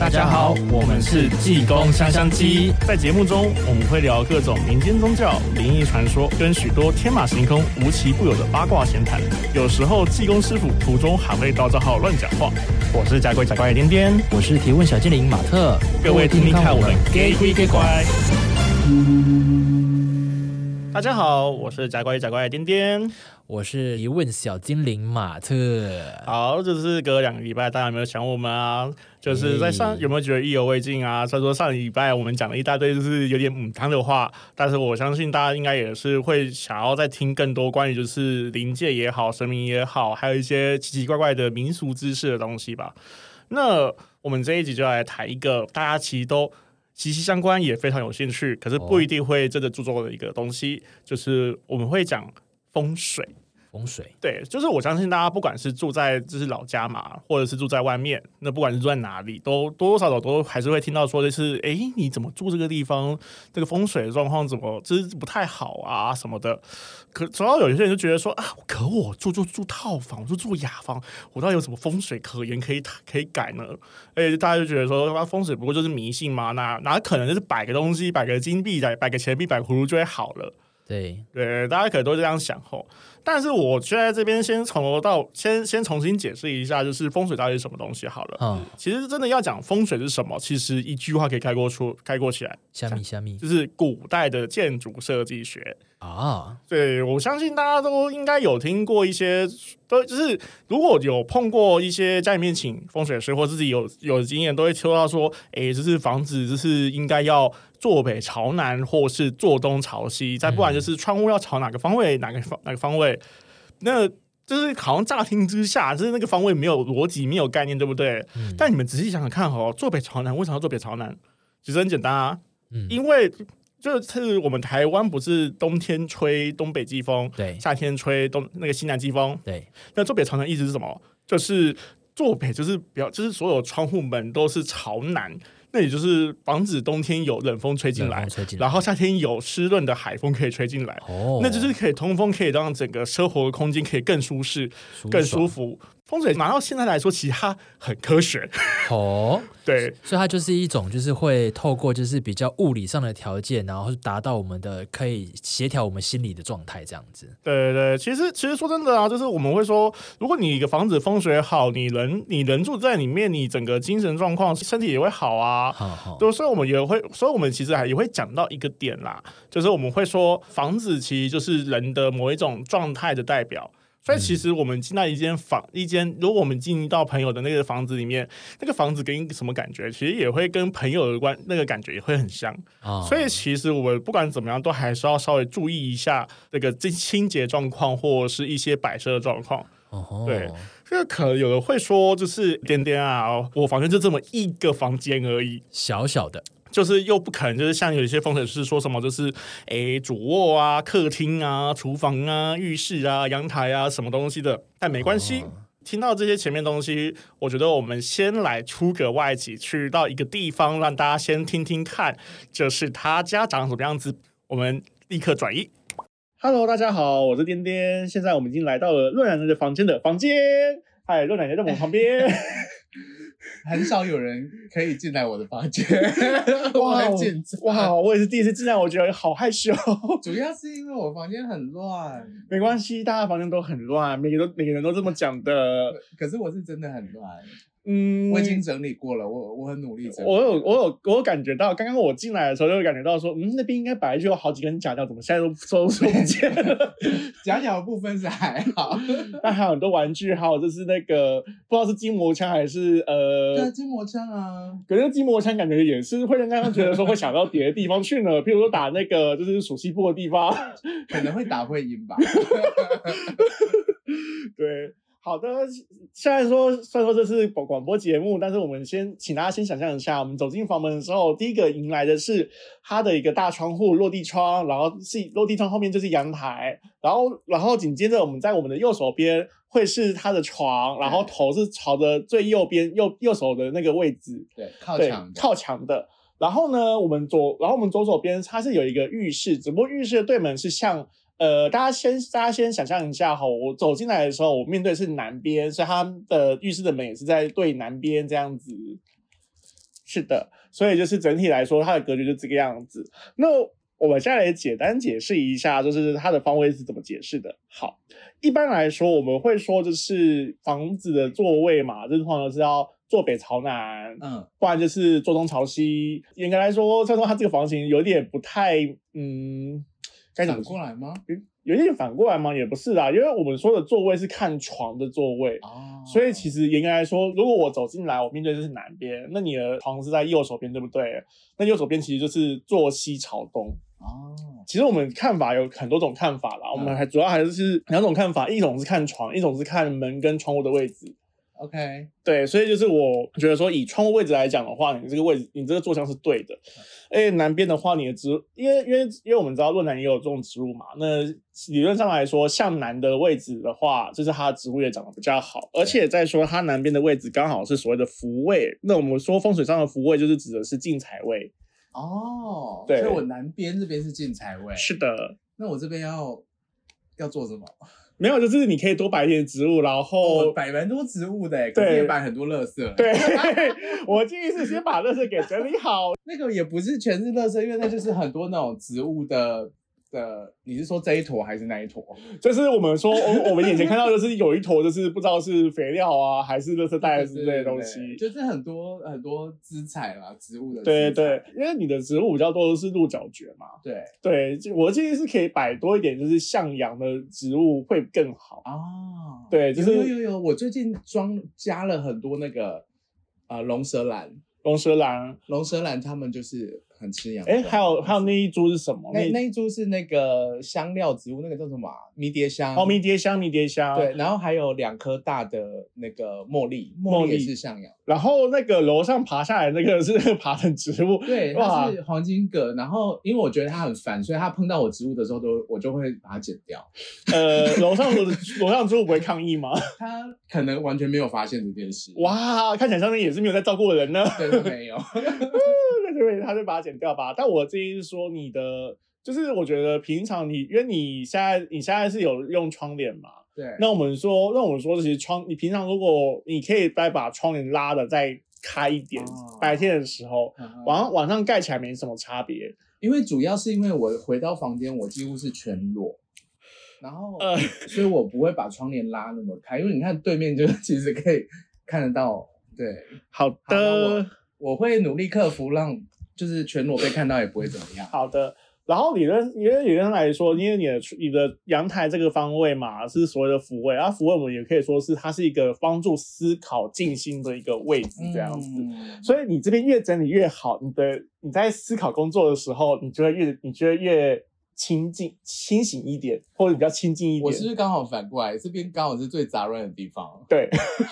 大家好，我們是濟公香香雞。在節目中，我們會聊各種民間宗教、靈異傳說，跟許多天馬行空、無奇不有的八卦閒談。有時候，濟公師傅途中還會到賬號亂講話。我是甲鬼甲怪的顛顛，點點我是提問小精靈馬特。各位聽聽看，看，我們甲鬼甲怪。大家好，我是甲鬼甲怪的顛顛，我是一問小精靈馬特。好，這、就是隔了兩個禮拜，大家有沒有想我們啊？就是在上、哎、有沒有覺得意猶未盡啊？雖然說上個禮拜我們講了一大堆，就是有點母湯的話，但是我相信大家應該也是會想要再聽更多關於就是靈界也好、神明也好，還有一些奇奇怪怪的民俗知識的東西吧。那我們這一集就來談一個大家其實都息息相關也非常有興趣，可是不一定會真的注重的一個東西，oh. 就是我們會講風水。風水對，就是我相信大家不管是住在就是老家嘛，或者是住在外面，那不管是住在哪裡，都多多少少都還是會聽到說是，就是哎，你怎麼住這個地方，這、那個風水狀況怎麼就是不太好啊什麼的。可主要有一些人就覺得說啊，我可我住住住套房，我就住住雅房，我到底有什麼風水可言可以可以改呢？誒，大家就覺得說，那風水不過就是迷信嘛，那哪可能就是擺個東西，擺個金幣，擺擺個錢幣，擺個葫蘆就會好了？對對，大家可能都是這樣想哦。但是，我就在這邊先從頭到先先重新解釋一下，就是風水到底是什麼東西好了。哦，其實真的要講風水是什麼，其實一句話可以概括出概括起來，蝦米蝦米就是古代的建築設計學。啊，oh. 對，我相信大家都應該有聽過一些，都就是如果有碰過一些家裡面請風水師或自己有有經驗，都會聽到說，哎、欸，就是房子就是應該要坐北朝南，或是坐東朝西，嗯、再不然就是窗戶要朝哪個方位，哪個方哪個方位，那就是好像乍聽之下，就是那個方位沒有邏輯，沒有概念，對不對？嗯、但你們仔細想想看哦，坐北朝南，為什麼要坐北朝南？其實很簡單啊，嗯、因為。就是我們台灣不是冬天吹東北季風，對夏天吹東那個西南季風，對那坐北朝南意思是什麼？就是坐北就是比較，就是所有窗戶門都是朝南，那也就是防止冬天有冷風吹進來，進來然後夏天有濕潤的海風可以吹進來，哦，那就是可以通風，可以讓整個生活的空間可以更舒適、舒爽更舒服。風水拿到現在來說，其實它很科學哦。Oh, 對，所以它就是一種，就是會透過就是比較物理上的條件，然後達到我們的可以協調我們心理的狀態這樣子。對對對，其實其實說真的啊，就是我們會說，如果你一個房子風水好，你人你人住在裡面，你整個精神狀況，身體也會好啊。好、oh, oh. 就，所以我們也會，所以我們其實還也會講到一個點啦，就是我們會說，房子其實就是人的某一種狀態的代表。所以其實我們進到一間房、嗯、一間，如果我們進到朋友的那個房子裡面，那個房子給你什麼感覺？其實也會跟朋友有關，那個感覺也會很像。哦、所以其實我不管怎麼樣，都還是要稍微注意一下那個這清潔狀況，或是一些擺設的狀況。哦哦對，因為可能有的會說，就是顛顛啊，我房間就這麼一個房間而已，小小的。就是又不可能，就是像有一些風水師說什麼，就是誒，主臥啊、客廳啊、廚房啊、浴室啊、陽台啊，什麼東西的，但沒關係。哦、聽到這些前面東西，我覺得我們先來出個外景，去到一個地方，讓大家先聽聽看，就是他家長什麼樣子。我們立刻轉移。Hello，大家好，我是顛顛，現在我們已經來到了洛奶奶的房間的房間，嗨，洛奶奶在我旁邊。 很少有人可以進來我的房間，哇！ 哇！Wow, wow, 我也是第一次進來，我覺得好害羞。 主要是因為我房間很亂。沒關係，大家房間都很亂，每個都每個人都這麼講的。 可是我是真的很亂。嗯，我已經整理過了，我我很努力整理。我有，我有，我有感覺到剛剛我進來的時候就感覺到說，嗯，那邊應該本來就有好幾根假屌。怎麼現在都消失不見了？ 假，假的部分是還好，但還有很多玩具還有就是那個不知道是筋膜槍還是呃，對筋膜槍啊，可是筋膜槍感覺也是會讓剛剛覺得說會想到別的地方去呢。譬 如說打那個就是鼠蹊部的地方， 可能會打會陰吧。 對。好的，雖然說雖然說這是廣廣播節目，但是我們先請大家先想象一下，我們走進房門的時候，第一個迎來的是他的一個大窗戶，落地窗，然後是落地窗後面就是陽台，然後然後緊接着我們在我們的右手邊會是他的床，對然後頭是朝着最右邊右右手的那個位置，對，對，靠牆對靠牆的。然後呢，我們左然後我們左手邊它是有一個浴室，只不過浴室的對門是向。呃，大家先，大家先想象一下哈，我走進來的時候，我面對是南邊，所以他的、呃、浴室的門也是在對南邊這樣子。是的，所以就是整體來說，它的格局就這個樣子。那我們現在來簡單解釋一下，就是它的方位是怎麼解釋的。好，一般來說，我們會說就是房子的座位嘛，這房子是要坐北朝南，嗯，不然就是坐東朝西。嚴格來說，這棟他這個房型有點不太，嗯。反過來嗎、欸？有一點反過來嗎？也不是啦，因為我們說的座位是看床的座位，啊、所以其實嚴格來說，如果我走進來，我面對的是南邊，那你的床是在右手邊，對不對？那右手邊其實就是坐西朝東。哦、啊，其實我們看法有很多種看法啦，我們還主要還是是兩種看法，一種是看床，一種是看門跟窗戶的位置。OK，對，所以就是我覺得說，以窗戶位置來講的話，你這個位置，你這個坐向是對的。哎、嗯，南邊的話，你的植，因為因為因為我們知道，洛南也有這種植物嘛。那理論上來說，向南的位置的話，就是它的植物也長得比較好。對而且再說，它南邊的位置剛好是所謂的福位。那我們說風水上的福位，就是指的是進財位。哦，對，所以我南邊這邊是進財位。是的，那我這邊要要做什麼？沒有，就是你可以多擺一點植物，然後、哦、擺蠻多植物的，對可以擺很多垃圾。對， 我建議是先把垃圾給整理好， 那個也不是全是垃圾，因為那就是很多那種植物的。的，你是說這一坨還是那一坨？就是我們說，我、 哦、我們眼前看到就是有一坨，就是不知道是肥料啊， 還是垃圾袋子之類的這些東西。對對對，就是很多很多枝材啦，植物的。對對，因為你的植物比較多，都是鹿角蕨嘛。對對，我建議是可以擺多一點，就是向陽的植物會更好啊。哦、對，就是有,有有有，我最近裝加了很多那個啊、呃，龍舌蘭，龍舌蘭，龍舌蘭，他們就是。很吃養，哎、欸，還有還有那一株是什麼？那那一，那一株是那個香料植物，那個叫什麼、啊、迷迭香。哦，oh, 迷迭香，迷迭香。對，然後還有兩棵大的那個茉莉，茉莉，茉莉是向陽。然後那個樓上爬下來那個是那個爬藤植物，對，那是黃金葛。然後因為我覺得它很煩，所以它碰到我植物的時候都我就會把它剪掉。呃，樓上樓上的植物不會抗議嗎、欸？它可能完全沒有發現這件事。哇，看起來上面也是沒有在照顧人呢。對沒有， 對在這邊它是把它剪。道吧，但我建議是說你的，就是我覺得平常你，因為你現在你現在是有用窗簾嘛？對那。那我們說，那我們說，其實窗，你平常如果你可以再把窗簾拉的再開一點，哦、白天的時候，嗯嗯晚上晚上蓋起來沒什麼差別。因為主要是因為我回到房間，我幾乎是全裸，然後，呃、所以我不會把窗簾拉那麼開，因為你看對面就其實可以看得到。對，好的好我，我會努力克服讓。就是全裸被看到也不會怎麼樣。 好的，然後理論，因為理論上來說，因為你的你的陽台這個方位嘛，是所謂的伏位，而、啊、福位我們也可以說是它是一個幫助思考靜心的一個位置這樣子。嗯、所以你這邊越整理越好，你的你在思考工作的時候，你就會越你就會越，清靜，清醒一點，或者比較清靜一點。我是不是剛好反過來？這邊剛好是最雜亂的地方。對，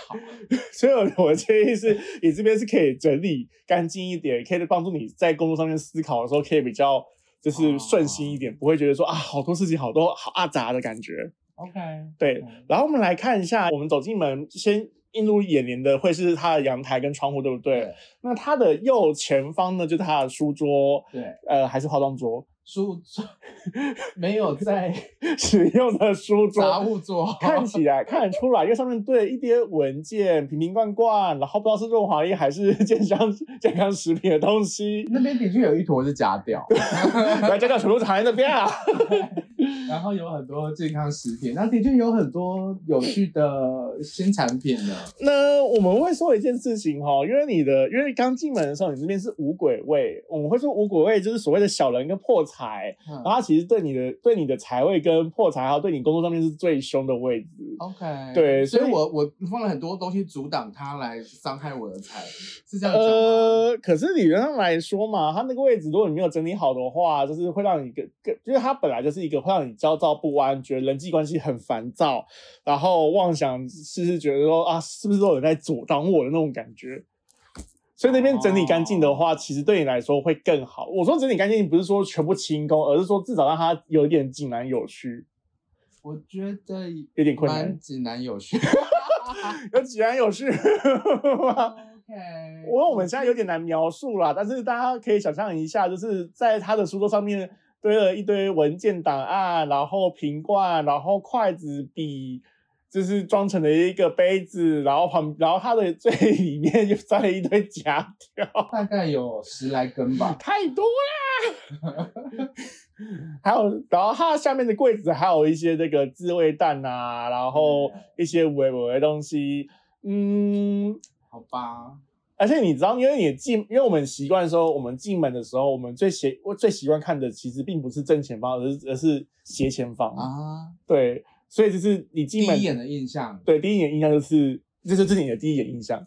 好 所以我的建議是，你、嗯、這邊是可以整理乾淨一點，可以幫助你在工作上面思考的時候，可以比較就是順心一點，哦哦、不會覺得說啊，好多事情好多，好多好啊雜的感覺。OK, okay. 對。然後我們來看一下，我們走進門，先映入眼簾的會是它的陽台跟窗戶，對不對？對那它的右前方呢，就是它的書桌，對，呃，還是化妝桌。書桌，沒有在使用的書桌，書雜物桌，看起來看得出來，因為 上面對一疊文件、瓶瓶罐罐，然後不知道是潤滑液還是健康健康食品的東西。那邊的確有一坨是假掉，來夾掉全部藏在那邊啊。 然後有很多健康食品，那的確有很多有趣的新產品呢。那我們會說一件事情哈、哦，因為你的因為剛進門的時候，你那邊是五鬼位，我們會說五鬼位就是所謂的小人跟破產，財，然後它其實對你的對你的財位跟破財還有對你工作上面是最凶的位置。OK，對，所以,所以我我放了很多東西阻擋它來傷害我的財，是這樣講嗎？呃，可是理論上來說嘛，它那個位置如果你沒有整理好的話，就是會讓你跟跟，就是它本來就是一個會讓你焦躁不安，覺得人際關係很煩躁，然後妄想是是覺得說啊，是不是都有人在阻擋我的那種感覺。所以那邊整理乾淨的話，oh. 其實對你來說會更好。我說整理乾淨，不是說全部清空，而是說至少讓它有點井然有序。我覺得蠻有，有點困難，井然有序， 有井然有序嗎 ？OK，我我們現在有點難描述了，但是大家可以想象一下，就是在他的書桌上面堆了一堆文件檔案，然後瓶罐，然後筷子筆。就是裝成了一個杯子，然後旁，然後它的最裡面就裝了一堆夾條，大概有十來根吧，太多啦。 還有，然後它下面的櫃子還有一些這個自慰蛋啊，然後一些維穩的，的，的東西，嗯，好吧。而且你知道，因為你進，因為我們習慣說，我們進門的時候，我們最喜，我最習慣看的其實並不是正前方，而是而是斜前方啊，對。所以就是你進門第一眼的印象，對，第一眼印象就是，就是你的第一眼印象。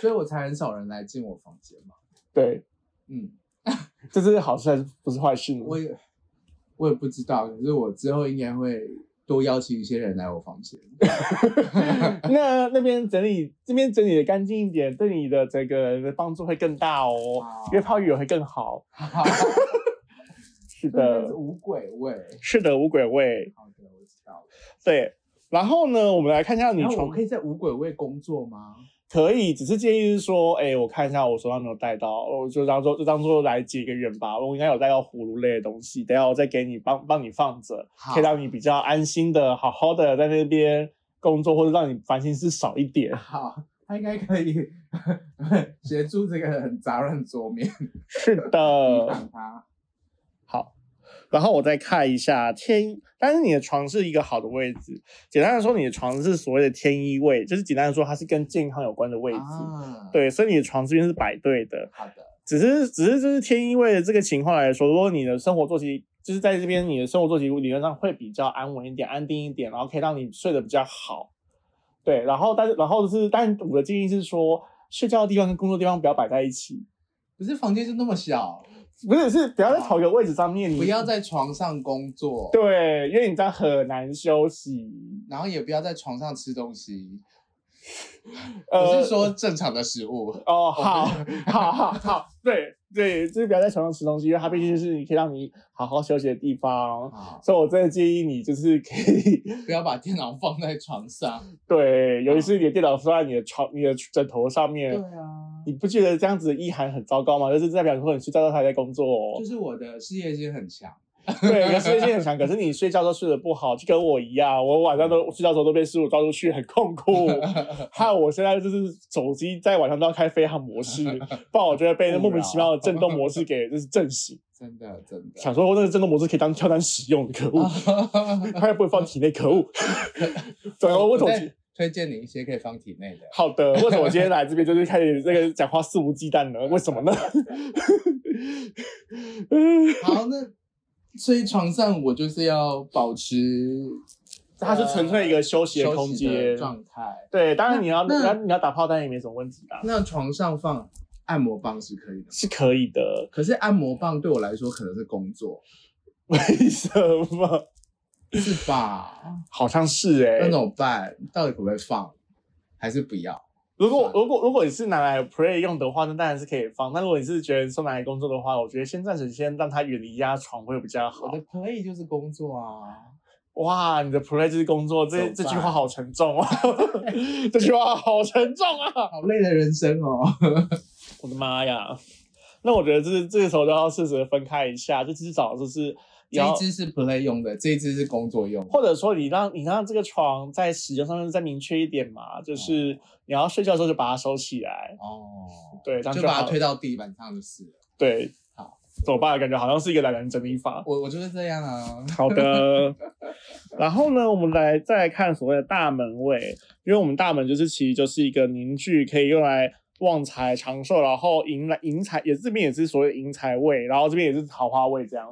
所以我才很少人來進我房間嘛。對，嗯， 這是好事還是不是壞事？我也我也不知道，可是我之後應該會多邀請一些人來我房間。 那那邊整理，這邊整理得乾淨一點，對你的這個幫助會更大哦，約炮語友會更好。是，是的，無鬼味。是的，無鬼味。好。對，然後呢，我們來看一下你。我可以在五鬼位工作嗎？可以，只是建議是說，哎、欸，我看一下，我手上沒有帶到，我就當做就當做來結個緣吧。我應該有帶到葫蘆類的東西，等下我再給你幫幫你放着，好可以讓你比較安心的、好好的在那邊工作，或者讓你煩心事少一點。好，他應該可以協助這個很雜亂桌面。是的。然後我再看一下天，但是你的床是一個好的位置。簡單的說，你的床是所謂的天醫位，就是簡單的說，它是跟健康有關的位置。啊、對，所以你的床這邊是擺對的。好的。只是，只是就是天醫位的這個情況來說，如果你的生活作息就是在這邊，你的生活作息理論上會比較安穩一點、安定一點，然後可以讓你睡得比較好。對，然後但然後、就是，但我的建議是說，睡覺的地方跟工作的地方不要擺在一起。可是房間就那麼小。不是，是不要在同一個位置上面。你不要在床上工作，對，因為你在很難休息，然後也不要在床上吃東西。 呃、我是說正常的食物。哦，okay. 好，好，好，好， 對。對，就是不要在床上吃東西，因為它畢竟是你可以讓你好好休息的地方。啊、所以，我真的建議你，就是可以不要把電腦放在床上。對，有一次你的電腦放在你的床，啊、你的枕頭上面。對啊，你不覺得這樣子的意涵很糟糕嗎？就是代表說你去在到他在工作，哦。就是我的事業心很強。 對，可睡也很強。可是你睡覺都睡得不好，就跟我一樣。我晚上都睡覺的時候都被師傅抓出去，很痛苦。還有 我現在就是手機在晚上都要開飛航模式，不然我覺得被那莫名其妙的震動模式給就是震醒。真的，真的。小時候那個震動模式可以當跳蛋使用的，可惡！它又 不會放體內，可惡。所 以我推薦推薦你一些可以放體內的。好的，為什麼我今天來這邊就是看你這個講話肆無忌憚呢？為什麼呢？嗯，好，那。所以床上我就是要保持，嗯、它是純粹一個休息的空間，休息的狀態。對，當然你要你要那那你要打炮彈也沒什麼問題的，啊。那床上放按摩棒是可以的，是可以的。可是按摩棒對我來說可能是工作，為什麼？是吧？ 好像是哎、欸，那怎麼辦？到底可不可以放，還是不要？如果、啊、如果如果你是拿來 pray 用的話，那當然是可以放。那如果你是覺得說拿來工作的話，我覺得先暫時先讓它遠離壓床會比較好。我的 pray 就是工作啊！哇，你的 pray 就是工作，這在這句話好沉重啊！ 這句話好沉重啊！好累的人生哦！ 我的媽呀！那我覺得這這個時候都要試着分開一下，就至少就是。這一只是 play 用的，這一只是工作用的。或者說，你讓你讓這個床在使用上面再明確一點嘛，就是、哦、你要睡覺的時候就把它收起來哦。對，就，就把它推到地板上就是。對，好，走吧。感覺好像是一個懶人整理法。我我就是這樣啊。好的。然後呢，我們再來再看所謂的大門位， 因為我們大門就是其實就是一個凝聚，可以用來旺財長壽，然後迎來迎財，也這邊也是所謂的迎財位，然後這邊也是桃花位這樣。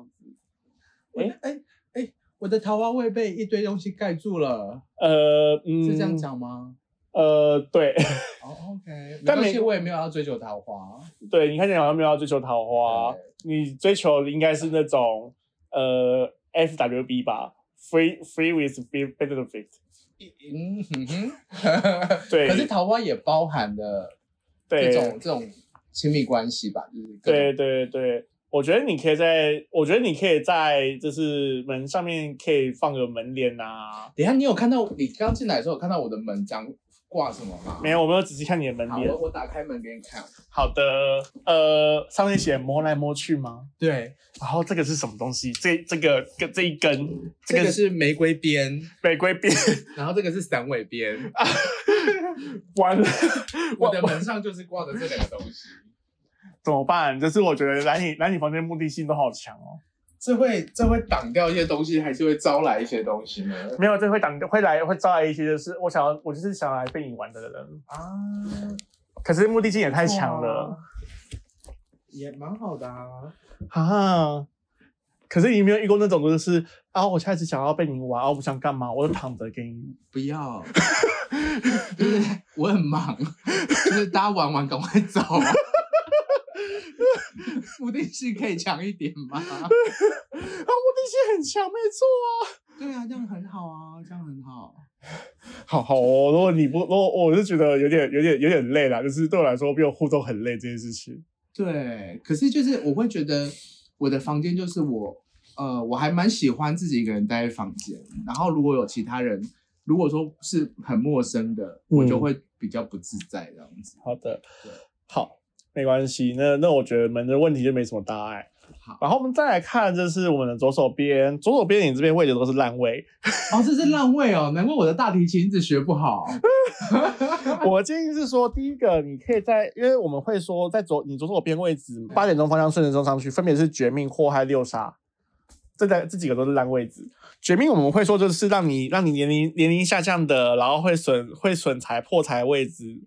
哎哎哎！我的桃花會被一堆東西蓋住了。呃，嗯，是這樣講嗎？呃，對。Oh, okay. 但是沒我也沒有要追求桃花。對，你看起來好像沒有要追求桃花，對你追求的應該是那種吧呃 FWB 吧，free free with benefit。嗯，嗯哼哼， 對。可是桃花也包含了這種對這種親密關係吧？就是、對，對對對。我覺得你可以在，我覺得你可以在，就是門上面可以放個門簾啊。等一下你有看到，你剛進來的時候有看到我的門將掛什麼嗎？沒有，我沒有仔細看你的門簾。好，我打開門給你看。好的，呃，上面寫摸來摸去嗎？對。然後這個是什麼東西？這這個跟這一根，這個、這個是玫瑰邊，玫瑰邊。然後這個是散尾邊。 完了，我的門上就是掛着這兩個東西。 怎麼辦？就是我覺得來你來你房間的目的性都好強哦、喔，這會這會擋掉一些東西，還是會招來一些東西呢？沒有，這會擋掉會來會招來一些，就是我想要，我就是想要來被你玩的人啊。可是目的性也太強了，啊、也蠻好的啊，啊。可是你沒有遇過那種，就是啊，我下次想要被你玩，啊、我不想幹嘛，我就躺着給你。不要， 就是我很忙，就是大家玩完趕快走、啊。固定性可以強一點嗎？啊，固定性很強，沒錯啊。對啊，這樣很好啊，這樣很好。好好、哦，如果你不，我我是覺得有點、有點、有點累了，就是對我來說，比我互動很累這件事情。對，可是就是我會覺得我的房間就是我，呃，我還蠻喜歡自己一個人待在房間。然後如果有其他人，如果說是很陌生的，嗯、我就會比較不自在這樣子。好的，對。好。沒關係，那那我覺得門的問題就沒什麼大礙。好，然後我們再來看，就是我們的左手邊，左手邊你這邊位置都是爛位。哦，這是爛位哦， 難怪我的大提琴一直學不好。 我建議是說，第一個，你可以在，因為我們會說，在左你左手邊位置，嗯、八點鐘方向順時針上去，分別是絕命、禍害、六煞。這在這幾個都是爛位置。絕命我們會說，就是讓你讓你年齡年齡下降的，然後會損會損財破財位置。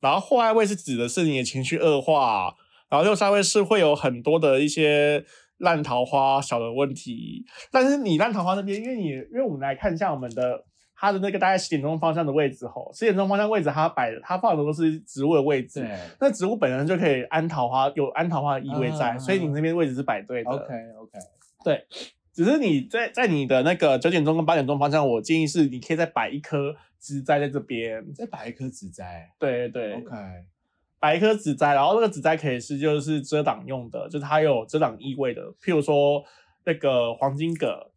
然後禍害位是指的是你的情緒惡化，然後六煞位是會有很多的一些爛桃花小的問題。但是你爛桃花那邊，因為你因為我們來看一下我們的它的那個大概十點鐘方向的位置哦，十點鐘方向位置它擺它放的，的都是植物的位置，那對植物本身就可以安桃花，有安桃花的意味在，uh, 所以你那邊位置是擺對的。OK OK，對，只是你在在你的那個九點鐘跟八點鐘方向，我建議是你可以再擺一顆。植栽在這邊，你再擺一棵植栽，對對，OK，擺一棵植栽，然後那個植栽可以是就是遮擋用的，就是它有遮擋意味的，譬如說那個黃金葛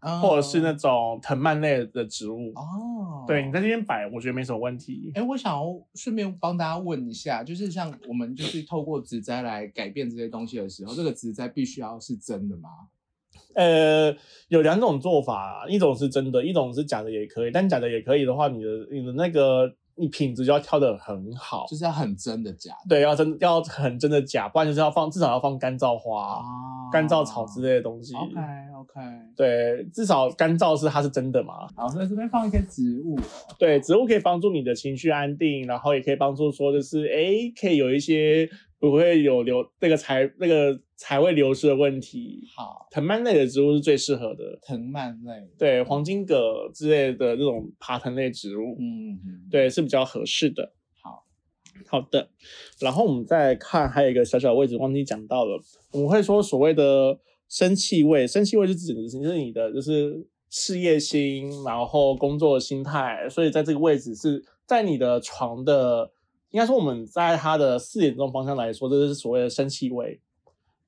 ，oh. 或者是那種藤蔓類的植物哦，oh. 對，你在這邊擺，我覺得沒什麼問題。哎，我想要順便幫大家問一下，就是像我們就是透過植栽來改變這些東西的時候，這個植栽必須要是真的嗎？呃，有兩種做法，一種是真的，一種是假的也可以。但假的也可以的話，你的你的那個你品質就要挑得很好，就是要很真的假的。對，要真要很真的假，不然就是要放至少要放乾燥花、啊、乾燥草之類的東西。OK OK。對，至少乾燥是它是真的嘛。好，那這邊放一些植物、哦。對，植物可以幫助你的情緒安定，然後也可以幫助說就是，誒、欸，可以有一些不會有流那個財那個。財位流失的問題，好，藤蔓類的植物是最適合的。藤蔓類，對，黃金葛之類的這種爬藤類植物，嗯，嗯，嗯，對，是比較合適的。好，好的，然後我們再看還有一個小小的位置忘記講到了，我們會說所謂的生氣位，生氣位是指的就是你的就是事業心，然後工作心態，所以在這個位置是在你的床的，應該說我們在它的四點鐘方向來說，這是所謂的生氣位。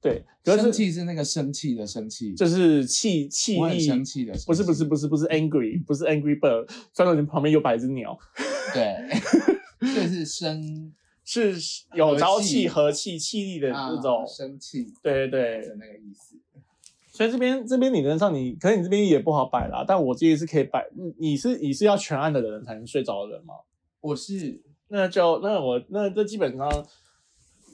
對，生氣是那個生氣的生氣，就是氣氣力。我很生氣的生氣，不是不是不是不是 angry，不是 angry bird。算了，你旁邊有擺隻鳥。對，就是生 是有朝氣、和氣、氣力的那種、啊、生氣。對對對，就那個意思。所以這邊這邊你身上你，你可能你這邊也不好擺啦。但我建議是可以擺。你是你是要全暗的人才能睡着的人嗎？我是，那就那我那這基本上。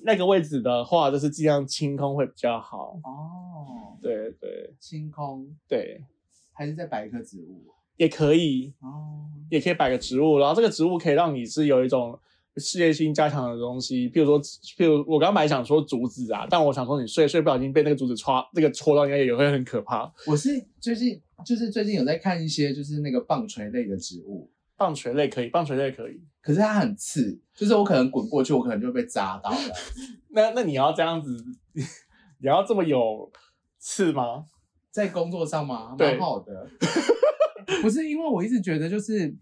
那個位置的話，就是盡量清空會比較好哦。對對，對清空對，還是再擺一棵植物也可以哦，也可以擺個植物，然後這個植物可以讓你是有一種事業心加強的東西。譬如說，譬如我剛剛想說竹子啊，但我想說你睡睡不小心被那個竹子戳那個戳到，應該也會很可怕。我是最近就是最近有在看一些就是那個棒槌類的植物。棒錘類可以，棒錘類可以，可是它很刺，就是我可能滾過去，我可能就被扎到了。 那那你要這樣子，你要這麼有刺嗎？在工作上嗎？蠻好的。對 不是因為我一直覺得，就是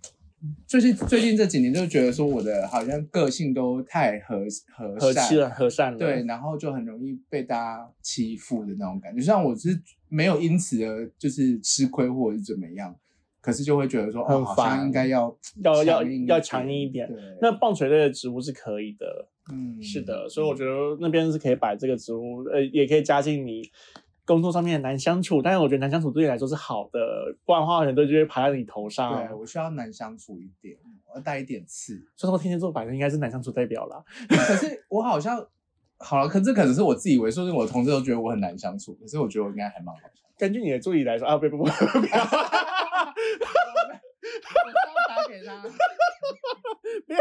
最近最近這幾年，就是覺得說我的好像個性都太和和和善了，和善了。對，然後就很容易被大家欺負的那種感覺。就像我是沒有因此而就是吃虧或者是怎麼樣。可是就會覺得說，很煩哦，煩，好像應該要要要要強硬一點。一點對，那棒槌類的植物是可以的，嗯，是的。所以我覺得那邊是可以擺這個植物，呃，也可以加進你工作上面難相處。但是我覺得難相處對你來說是好的，不然的話很多人就會爬在你頭上。對，我需要難相處一點，我要帶一點刺。所以說，天蠍座百分之百應該是難相處代表啦。 可是我好像好了，啊，可這可能是我自以為，所以，就是我的同事都覺得我很難相處。可是我覺得我應該還蠻好相處。根據你的助理來說啊，不不不，不要、 啊、打給他，沒有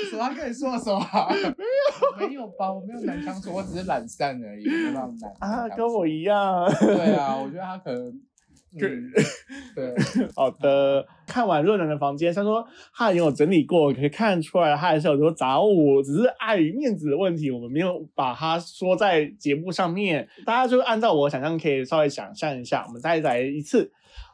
是沒有，他跟你說什麼？沒有沒有吧，我沒有男槍說，我只是懶散而已，知道嗎？啊，跟我一樣，對啊，我覺得他可能。 嗯、對，好的。看完若楠的房間，他說他已經有整理過，可以看出來他還是有很多雜物，只是礙於面子的問題，我們沒有把它說在節目上面。大家就按照我想象，可以稍微想象一下。我們再來一次，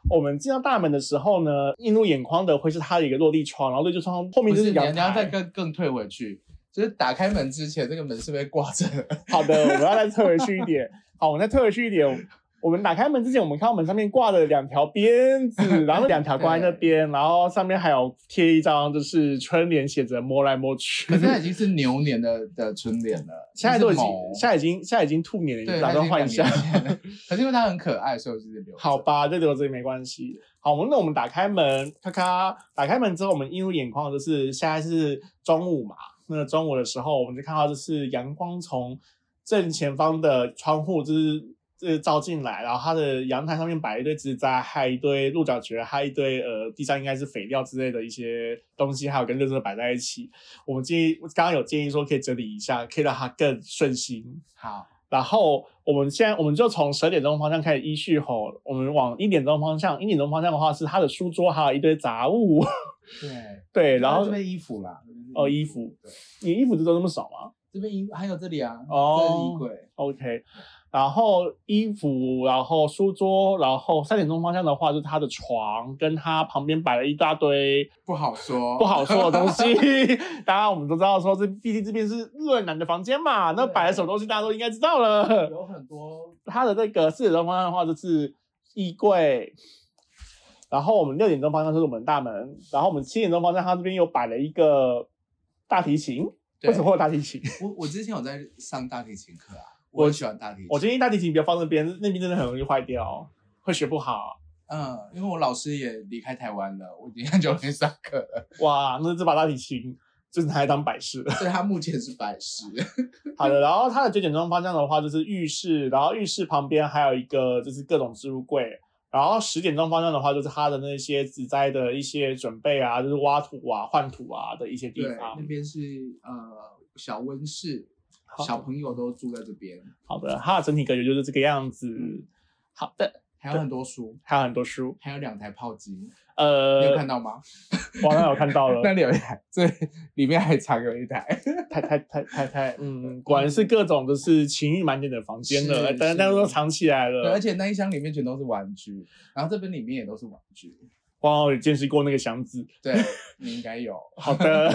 我們進到大門的時候呢，映入眼眶的會是他的一個落地窗，然後落地窗後面就是陽台。大家再更更退回去，就是打開門之前，這個門是被掛着。好的，我們要再退回去一點。 好，我們再退回去一點。我們打開門之前，我們看到門上面掛了兩條鞭子，然後兩條掛在那邊， 對然後上面還有貼一張就是春聯，寫着“摸來摸去”。可是，可是已經是牛年的的春聯了，現在都某已經，現在已經現在已經兔年了，對打算換一下。年可是因為它很可愛，所以我自己留。好吧，就留這裡沒關係。好，我們那我們打開門，咔咔，打開門之後，我們映入眼眶就是現在是中午嘛。那中午的時候，我們就看到這是陽光從正前方的窗戶就是。是照進來，然後他的陽台上面擺一堆植栽，還有一堆鹿角蕨，還有一堆呃，地上應該是肥料之類的一些東西，還有跟樹的擺在一起。我們建議剛剛有建議說，可以整理一下，可以讓它更順心。好，然後我們現在我們就從十二點鐘方向開始依序吼，我們往一點鐘方向。一點鐘方向的話是他的書桌，還有一堆雜物。對對，然後這邊衣服啦，哦、呃，衣服。對你衣服就都這麼少嗎？這邊衣還有這裡啊，哦，這衣櫃。OK。然後衣服，然後書桌，然後三點鐘方向的話，就是他的床，跟他旁邊擺了一大堆不好說不好說的東西。當然，我們都知道說，說這畢竟這邊是日男的房間嘛，對那擺了什麼東西，大家都應該知道了。有很多他的那個四點鐘方向的話，就是衣櫃。然後我們六點鐘方向就是我們大門。然後我們七點鐘方向，他這邊又擺了一個大提琴。對為什麼會有大提琴？我我之前有在上大提琴課啊。我很喜歡大提琴。我覺得大提琴不要放那邊，那邊真的很容易壞掉，會學不好。嗯，因為我老師也離開台灣了，我已經很久沒上課了。哇，那這把大提琴就是拿來當擺飾。所以它目前是擺飾。 好的，然後它的九點鐘方向的話就是浴室，然後浴室旁邊還有一個就是各種置物櫃，然後十點鐘方向的話就是它的那些植栽的一些準備啊，就是挖土啊、換土啊的一些地方。對，那邊是呃小溫室。小朋友都住在這邊。好的，它的整體感覺就是這個樣子。好的，還有很多書，還有很多書，還有兩台炮機。呃，你有看到嗎？哇，那我看到了，那裡有一台，對，裡面還藏有一台。太太太太太，嗯，果然是各種就是情欲滿點的房間了，但但是都藏起來了。而且那一箱裡面全都是玩具，然後這邊裡面也都是玩具。哇，我有見識過那個箱子，對，你應該有。好的，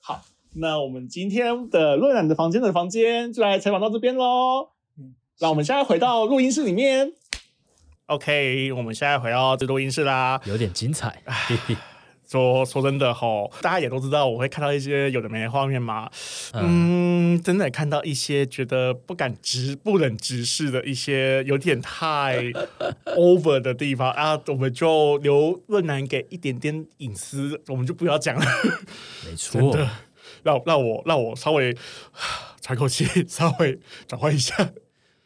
好。那我們今天的潤楠的房間的房間就來採訪到這邊嘍。那、嗯、我們現在回到錄音室裡面。OK，我們現在回到這錄音室啦。有點精彩。唉 說說真的吼，大家也都知道我會看到一些有的沒的畫面嘛。嗯，嗯，真的看到一些覺得不敢直、不忍直視的一些有點太 over 的地方 啊。我們就留潤楠給一點點隱私，我們就不要講了。沒錯、哦。 讓讓我讓我稍微喘口氣，稍微轉換一下。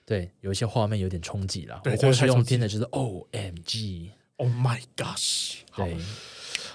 對，有一些畫面有點衝擊了。對對對，我用聽的就是 “OMG”，“Oh my gosh”。對。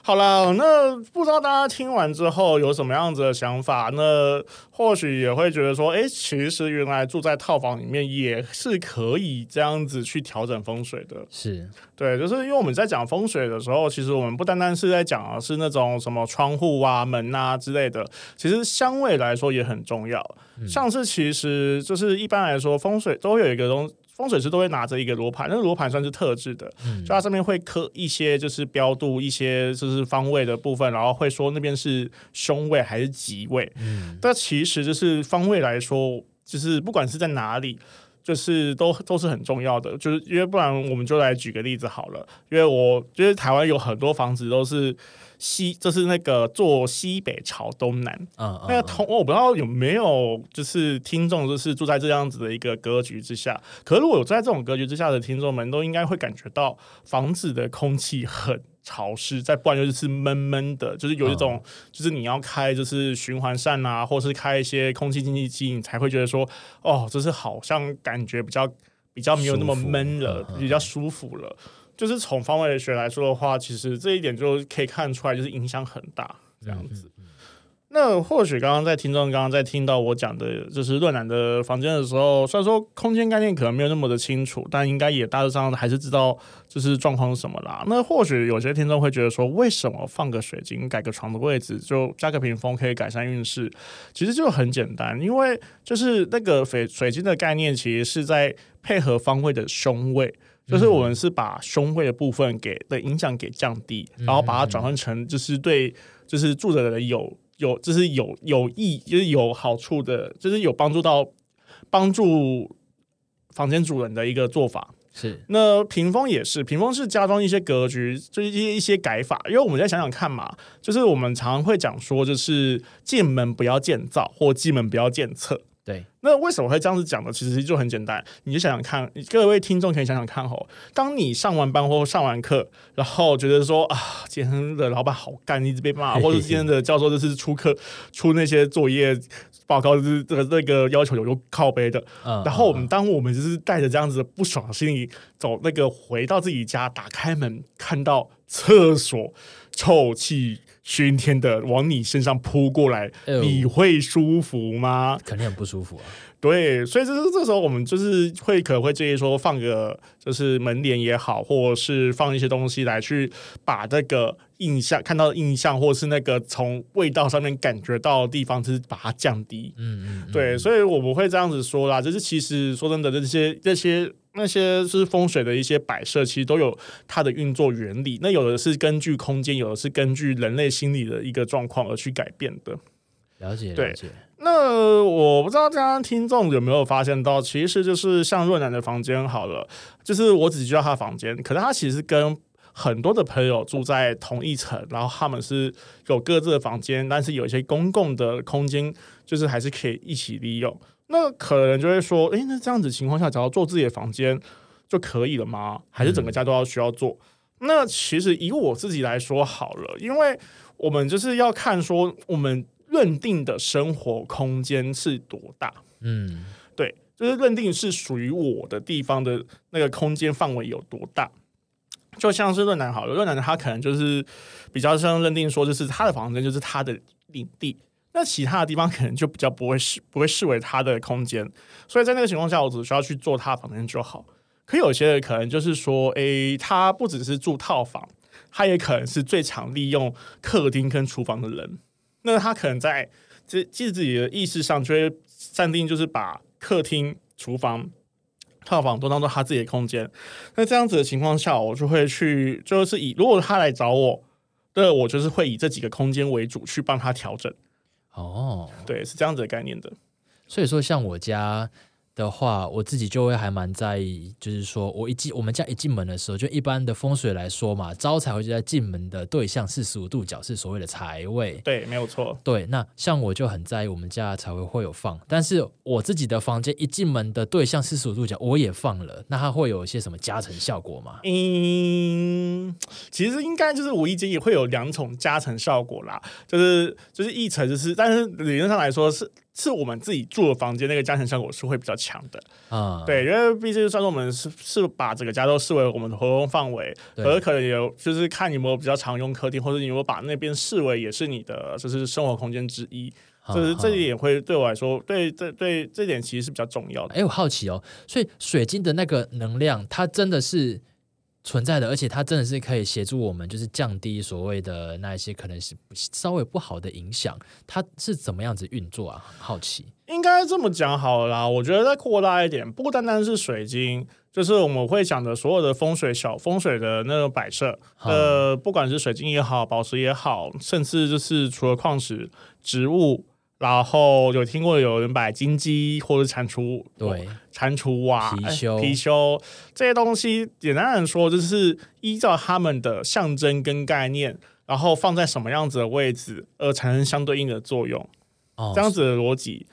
好了，那不知道大家聽完之後有什麼樣子的想法？那或許也會覺得說，誒，其實原來住在套房裡面也是可以這樣子去調整風水的。是對，就是因為我們在講風水的時候，其實我們不單單是在講的是那種什麼窗戶啊、門啊之類的，其實香味來說也很重要。嗯、像是，其實就是一般來說，風水都有一個東。風水師都會拿着一個羅盤，那個羅盤算是特制的，就、嗯、它上面會刻一些就是標度，一些就是方位的部分，然後會說那邊是凶位還是吉位。嗯，但其實就是方位來說，就是不管是在哪裡，就是都都是很重要的，就是因為不然我們就來舉個例子好了，因為我因為、就是、台灣有很多房子都是。西，這、就是那個坐西北朝東南。Uh, uh, uh, 那個通、哦，我不知道有沒有就是聽眾，就是住在這樣子的一個格局之下。可是如果有住在這種格局之下的聽眾們，都應該會感覺到房子的空氣很潮濕，再不然就是悶悶的，就是有一種、uh, 就是你要開就是循環扇啊，或是開一些空氣清新機，你才會覺得說，哦，這是好像感覺比較比較沒有那麼悶了，uh, uh, 比較舒服了。就是從方位學來說的話，其實這一點就可以看出來，就是影響很大這樣子。那或許剛剛在聽眾剛剛在聽到我講的就是亂南的房間的時候，雖然說空間概念可能沒有那麼的清楚，但應該也大致上還是知道就是狀況是什麼啦。那或許有些聽眾會覺得說，為什麼放個水晶，改個床的位置，就加個屏風可以改善運勢？其實就很簡單，因為就是那個水水晶的概念，其實是在配合方位的凶位。就是我們是把凶晦的部分給的影響給降低，然後把它轉換成就是對就是住著的人有有就是有有益就是有好處的，就是有幫助到幫助房間主人的一個做法。是那屏風也是屏風是加裝一些格局，就一一些改法。因為我們再想想看嘛，就是我們常常會講說，就是進門不要見灶，或進門不要見廁。對，那為什麼會這樣子講呢？其實就很簡單，你就想想看，各位聽眾可以想想看哦。當你上完班或上完課，然後覺得說啊，今天的老闆好幹，一直被罵，嘿嘿嘿，或者今天的教授就是出課出那些作業報告，是這個這個要求有靠杯的，嗯嗯嗯，然後我們當我們就是帶着這樣子的不爽心理走那個回到自己家，打開門看到廁所臭氣。熏天的往你身上撲過來，哦，你會舒服嗎？肯定很不舒服啊。對，所以就是這時候我們就是會可能會建議說放個就是門簾也好，或者是放一些東西來去把這個印象看到的印象，或是那個從味道上面感覺到的地方，就是把它降低。嗯嗯，嗯嗯對，所以我們會這樣子說啦，就是其實說真的，這些這些。那些是風水的一些擺設，其實都有它的運作原理。那有的是根據空間，有的是根據人類心理的一個狀況而去改變的。了解，了解，對。那我不知道這樣聽眾有沒有發現到，其實就是像若楠的房間好了，就是我只知道他房間，可是他其實跟很多的朋友住在同一層，然後他們是有各自的房間，但是有一些公共的空間，就是還是可以一起利用。那可能就會說，哎、欸，那這樣子情況下，只要做自己的房間就可以了嗎？還是整個家都要需要做？嗯、那其實以我自己來說好了，因為我們就是要看說我們認定的生活空間是多大。嗯，對，就是認定是屬於我的地方的那個空間範圍有多大。就像是潤南好了，有潤南他可能就是比較像認定說，就是他的房間就是他的領地。那其他的地方可能就比較不會視不會視為他的空間，所以在那個情況下，我只需要去坐他房間就好。可有些人可能就是說誒、欸，他不只是住套房，他也可能是最常利用客廳跟廚房的人。那他可能在記記自己的意識上，就會暫定就是把客廳、廚房、套房都當做他自己的空間。那這樣子的情況下，我就會去就是以如果他來找我，對，我就是會以這幾個空間為主去幫他調整。哦，oh. 對，是這樣子的概念的。所以說，像我家，的話，我自己就會還蠻在意，就是說我一進我們家一進門的時候，就一般的風水來說嘛，招財會就在進門的對向四十五度角，是所謂的財位。對，沒有錯。對，那像我就很在意我們家的財位有放，但是我自己的房間一進門的對向四十五度角，我也放了，那它會有一些什麼加成效果嗎？嗯，其實應該就是我已經也會有兩種加成效果啦，就是就是一層、就是，但是理論上來說是。是我們自己住的房間，那個加成效果是會比較強的啊。對，因為畢竟算是我們是是把整個家都視為我們的活動範圍，對可是可能也有就是看你有沒有比較常用客廳，或者你沒有把那邊視為也是你的，就是生活空間之一。啊、就是這一點也會對我來說，啊、對對對,對，這點其實是比較重要的。哎，我好奇哦，所以水晶的那個能量，它真的是。存在的，而且它真的是可以協助我們，就是降低所謂的那一些可能是稍微不好的影響。它是怎麼樣子運作啊？好奇，應該這麼講好了。我覺得再擴大一點，不單單是水晶，就是我們會講的所有的風水小風水的那種擺設。嗯、呃，不管是水晶也好，寶石也好，甚至就是除了礦石、植物。然後有聽過有人把金雞或者蟾蜍，對蟾蜍啊貔貅貔貅、哎，這些東西，簡單來說就是依照他們的象徵跟概念，然後放在什麼樣子的位置而產生相對應的作用，對這樣子的邏輯。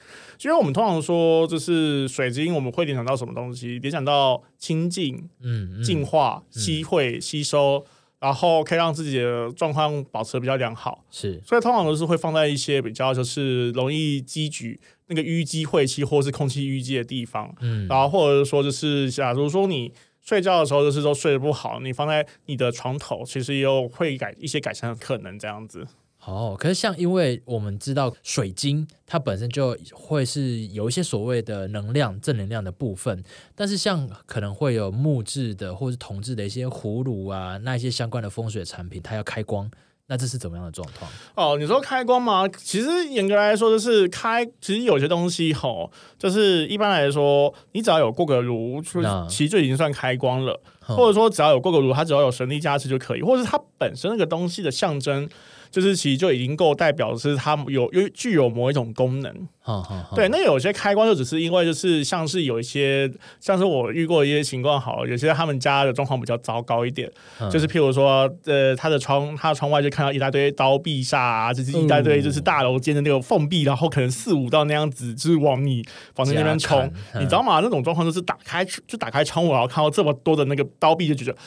因為、哦、我們通常說就是水晶，我們會聯想到什麼東西？聯想到清淨，嗯，嗯淨化、嗯、吸會、吸收。然後可以讓自己的狀況保持比較良好，是，所以通常都是會放在一些比較就是容易積聚那個淤積晦氣或是空氣淤積的地方，嗯，然後或者說就是假如說你睡覺的時候就是說睡得不好，你放在你的床頭，其實也有會改一些改善的可能這樣子。哦，可是像因為我們知道水晶，它本身就會是有一些所謂的能量、正能量的部分。但是像可能會有木質的或者銅制的一些葫蘆啊，那一些相關的風水產品，它要開光，那這是怎麼樣的狀況？哦，你說開光嗎？其實嚴格來說就是開。其實有些東西哈，就是一般來說，你只要有過個爐，那其實就已經算開光了。或者說只要有過個爐，它只要有神力加持就可以，或者是它本身那個東西的象徵。就是其實就已經夠代表是它有有具有某一種功能，哦哦哦、對。那有些開光就只是因為就是像是有一些像是我遇過一些情況，好有些他們家的狀況比較糟糕一點，嗯、就是譬如說呃，他的窗他的窗外就看到一大堆刀壁煞、啊，就是一大堆就是大樓間的那個縫壁，嗯、然後可能四五道那樣子，就是往你房間那邊衝。嗯、你知道嗎？那種狀況就是打開就打開窗戶，然後看到這麼多的那個刀壁，就覺得。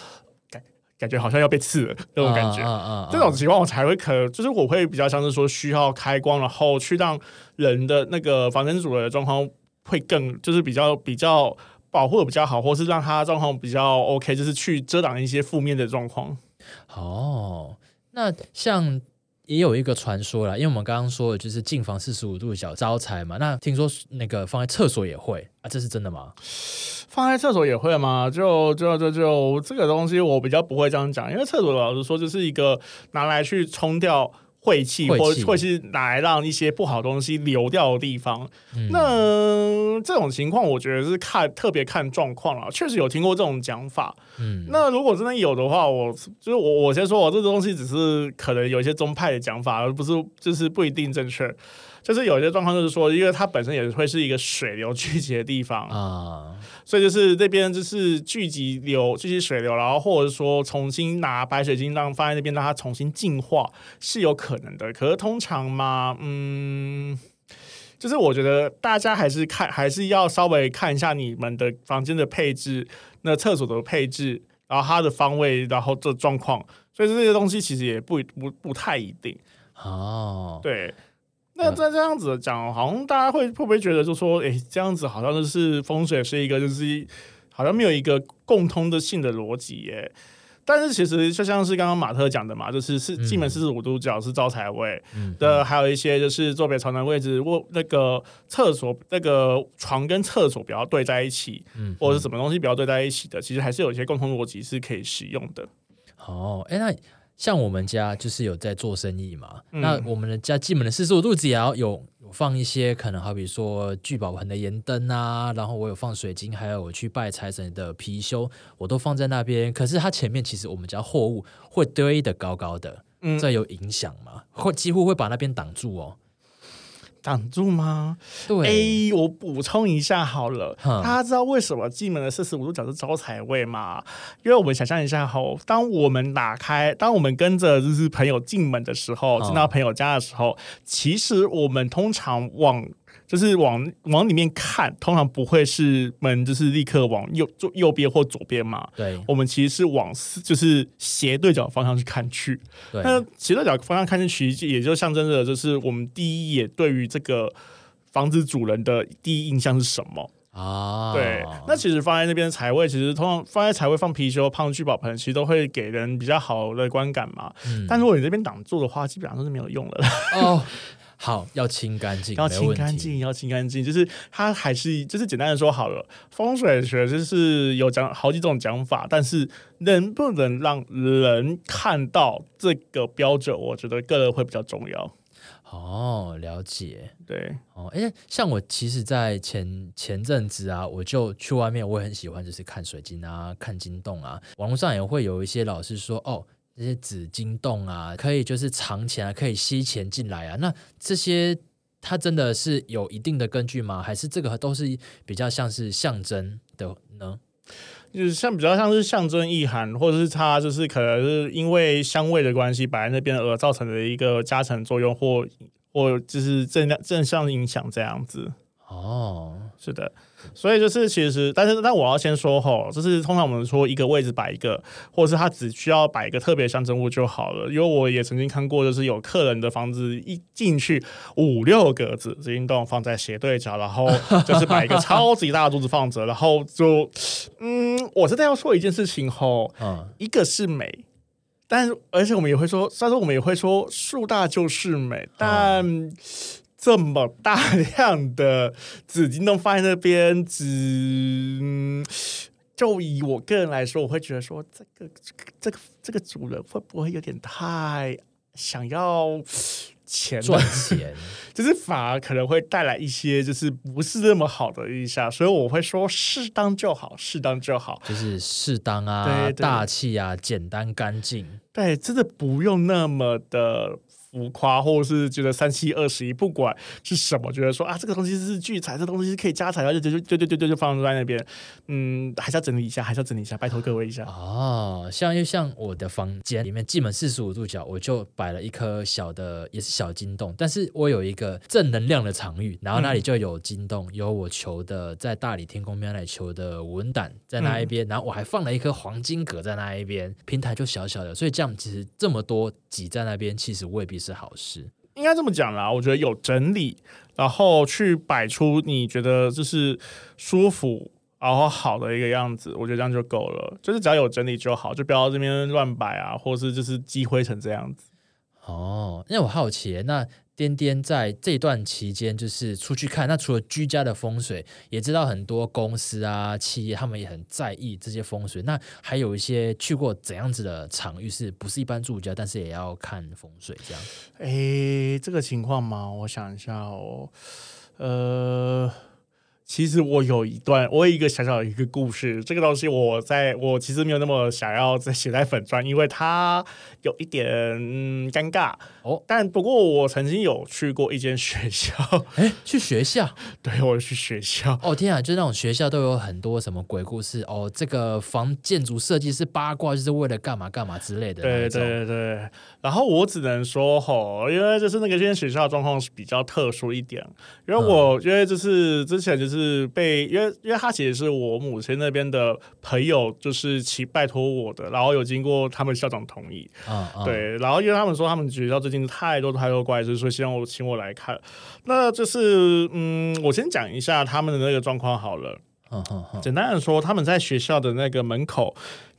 感覺好像要被刺了那種感覺，啊啊啊啊啊，這種情況我才會可能，就是我會比較像是說需要開光，然後去讓人的那個房間主的狀況會更，就是比較比較保護的比較好，或是讓他狀況比較 OK，就是去遮擋一些負面的狀況。哦，那像。也有一個傳說啦，因為我們剛剛說的就是進房四十五度小的招財嘛。那聽說那個放在廁所也會啊，這是真的嗎？放在廁所也會嗎？就就就就這個東西，我比較不會這樣講，因為廁所老實說，就是一個拿來去沖掉。晦氣，晦氣或或是拿來讓一些不好東西流掉的地方。嗯，那這種情況，我覺得是看特別看狀況了。確實有聽過這種講法。嗯，那如果真的有的話，我就是我我先說，我這東西只是可能有一些宗派的講法，而不是就是不一定正確。就是有一些狀況，就是說，因為它本身也會是一個水流聚集的地方啊。所以就是這邊就是聚集流、聚集水流，然後或者說重新拿白水晶讓放在那邊，讓它重新淨化是有可能的。可是通常嘛，嗯，就是我覺得大家還是看，還是要稍微看一下你們的房間的配置，那廁所的配置，然後它的方位，然後這狀況。所以這些東西其實也不不不太一定哦，對。那在這樣子講，好像大家會會不會覺得，就說，哎、欸，這樣子好像就是風水是一個，就是好像沒有一個共通的性的邏輯耶？但是其實就像是剛剛馬特講的嘛，就是是進門四十五度角是招財位的，嗯、還有一些就是坐北朝南位置，我那個廁所那個床跟廁所不要對在一起，嗯、或者什麼東西不要對在一起的，其實還是有一些共通邏輯是可以使用的。哦，哎、欸，那。像我們家就是有在做生意嘛，嗯、那我們的家進門的四十五度，只要有有放一些，可能好比說聚寶盆的鹽燈啊，然後我有放水晶，還有我去拜財神的貔貅，我都放在那邊。可是它前面其實我們家貨物會堆得高高的，嗯，這有影響嗎？會幾乎會把那邊擋住哦。擋住嗎？對，哎，我補充一下好了，嗯、大家知道為什麼進門的四十五度角是招財位嗎？因為我們想象一下吼，當我們打開，當我們跟着就是朋友進門的時候，嗯、進到朋友家的時候，其實我們通常往。就是往往裡面看，通常不會是門，就是立刻往右右右邊或左邊嘛。對，我們其實是往就是斜對角方向去看去。對，那斜對角方向看進去，也就象徵着就是我們第一眼對於這個房子主人的第一印象是什麼啊？對，那其實放在那邊財位，其實通常放在財位放貔貅、放聚寶盆，其實都會給人比較好的觀感嘛。嗯，但如果你這邊擋住的話，基本上都是沒有用了。哦。 好，要清乾淨，要清乾淨，要清乾淨，就是它還是就是簡單的說好了，風水學就是有講好幾種講法，但是能不能讓人看到這個標準，我覺得個人會比較重要。哦，了解，對，哦，哎，像我其實，在前前陣子啊，我就去外面，我也很喜歡就是看水晶啊，看晶洞啊，網上也會有一些老師說哦。這些紫晶洞啊，可以就是藏錢啊，可以吸錢進來啊。那這些它真的是有一定的根據嗎？還是這個都是比較像是象徵的呢？就是像比較像是象徵意涵，或者是它就是可能是因為香味的關係，擺在那邊而造成的一個加成作用，或或就是正正向影響這樣子。哦，是的。所以就是其實，但是但我要先說吼，就是通常我們說一個位置擺一個，或者是他只需要擺一個特別象徵物就好了。因為我也曾經看過，就是有客人的房子一進去五六個子，這運動放在斜對角，然後就是擺一個超級大的柱子放着， 然後就嗯，我是在要說一件事情吼，嗯、一個是美，但是而且我們也會說，雖然說我們也會說樹大就是美，但。嗯這麼大量的紙巾都放在那邊，紙，就以我個人來說，我會覺得說、這個，這個這個這個主人會不會有點太想要錢賺錢，就是反而可能會帶來一些就是不是那麼好的印象，所以我會說適當就好，適當就好，就是適當啊，對對大氣啊，簡單乾淨，對，真的不用那麼的。浮誇，或是覺得三七二十一，不管是什麼，覺得說啊，這個東西是聚財，這東西是可以加財，然後就就就、就、就放在那邊。嗯，還是要整理一下，還是要整理一下，拜託各位一下。哦，像又像我的房間裡面進門四十五度角，我就擺了一顆小的，也是小金洞，但是我有一個正能量的場域，然後那裡就有金洞，有我求的在大理天空廟來求的文膽在那一邊，然後我還放了一顆黃金葛在那一邊，平台就小小的，所以這樣其實這麼多，擠在那邊其實未必是好事，應該這麼講啦。我覺得有整理，然後去擺出你覺得就是舒服然後好的一個樣子，我覺得這樣就夠了。就是只要有整理就好，就不要這邊亂擺啊，或是就是積灰成這樣子。哦，因為我好奇那。顛顛在這段期間就是出去看，那除了居家的風水，也知道很多公司啊、企業，他們也很在意這些風水。那還有一些去過怎樣子的場域是，是不是一般住家，但是也要看風水這樣？誒、欸，這個情況嗎？我想一下哦，呃。其實我有一段，我有一個小小的一個故事。這個東西我在我其實沒有那麼想要再寫在粉專，因為它有一點嗯，尷尬哦。但不過我曾經有去過一間學校。哎，去學校？對，我去學校。哦天啊，就那種學校都有很多什麼鬼故事哦。這個房建築設計是八卦，就是為了幹嘛幹嘛之類的。對對對對。然後我只能說吼，因為就是那個間學校的狀況是比較特殊一點，因為我、嗯、因為就是之前就是。是被因為因為他其實是我母親那邊的朋友，就是其拜託我的，然後有經過他們校長同意、嗯嗯、對，然後因為他們說他們學校最近太多太多怪事，所以希望我請我來看。那就是嗯，我先講一下他們的那個狀況好了。嗯，嗯，簡單的說，他們在學校的那個門口，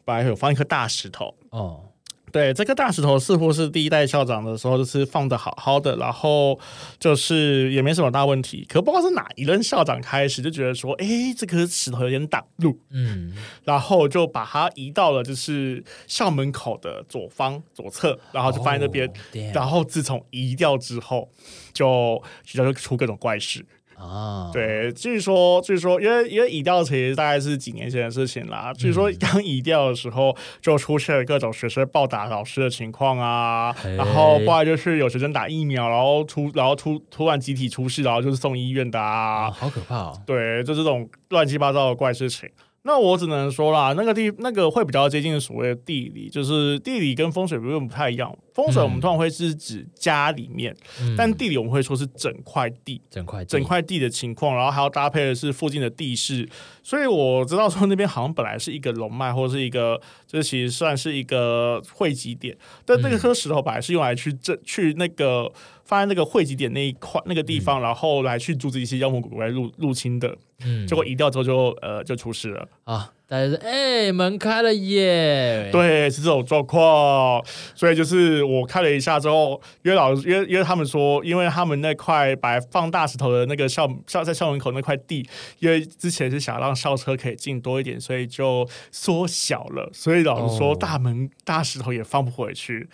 本來有放一顆大石頭哦。嗯對，這個大石頭似乎是第一代校長的時候就是放得好好的，然後就是也沒什麼大問題。可不知道是哪一任校長開始就覺得說，誒，這顆石頭有點擋路，嗯，然後就把它移到了就是校門口的左方左側，然後就放在那邊。Oh, damn. 然後自從移掉之後，就學校就出各種怪事。啊，哦、對，據說據說，因為因為移掉其實大概是幾年前的事情啦。嗯、據說剛移掉的時候，就出現了各種學生暴打老師的情況啊，嘿然後後來就是有學生打疫苗，然後突然後突突然集體出事，然後就是送醫院的啊，哦、好可怕啊、哦！對，就這種亂七八糟的怪事情。那我只能說啦，那個地那個會比較接近的所謂的地理，就是地理跟風水不用不太一樣。風水我們通常會是指家裡面，嗯、但地理我們會說是整塊地，整塊地整塊地的情況，然後還要搭配的是附近的地勢。所以我知道說那邊好像本來是一個龍脈，或者是一個，這其實算是一個匯集點。但那顆石頭本來是用來去這去那個放在那個匯集點那一塊那個地方，然後來去阻止一些妖魔鬼怪入入侵的。嗯、結果移掉之後就呃就出事了啊！但是哎門開了耶！對，是這種狀況，所以就是我看了一下之後，因為老師，因為，因為他們說，因為他們那塊把放大石頭的那個校校在校門口那塊地，因為之前是想讓校車可以進多一點，所以就縮小了，所以老師說大門、哦、大石頭也放不回去，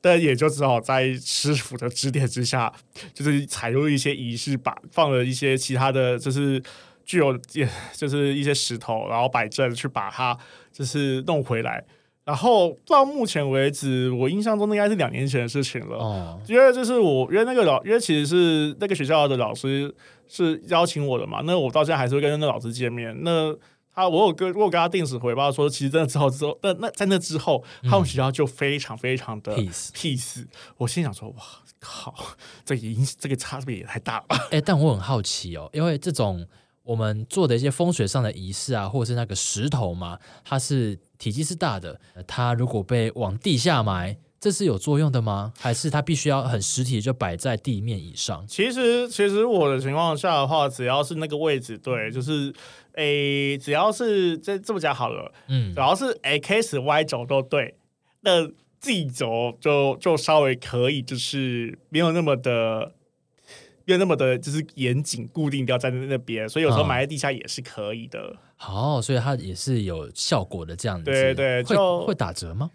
但也就只好在師傅的指點之下，就是採用一些儀式把，把放了一些其他的，就是。具有，也就是一些石頭，然後擺陣去把它就是弄回來。然後到目前為止，我印象中應該是兩年前的事情了。哦、因為就是我，因為那個老，因為其實是那個學校的老師是邀請我的嘛。那我到現在還是會跟那個老師見面。那他，我有跟，我有跟他定時回報說，其實真的之後之後，那那在那之後，嗯、他們學校就非常非常的 peace。Peace 我心想說，哇靠，這個已經這個差別也太大了。誒、欸，但我很好奇哦，因為這種。我們做的一些風水上的儀式啊，或者是那個石頭嘛，它是體積是大的，它如果被往地下埋，這是有作用的嗎？還是它必須要很實體就擺在地面以上？其實，其實我的情況下的話，只要是那個位置對，就是誒，只要是這這麼講好了，嗯，主要是，X、Y 軸都對，那 Z 軸就就稍微可以，就是沒有那麼的。又那麼的，就是嚴謹固定掉在那邊，所以有時候埋在地下也是可以的。好，oh. oh, 所以它也是有效果的。這樣子，對,對對，就會打折嗎？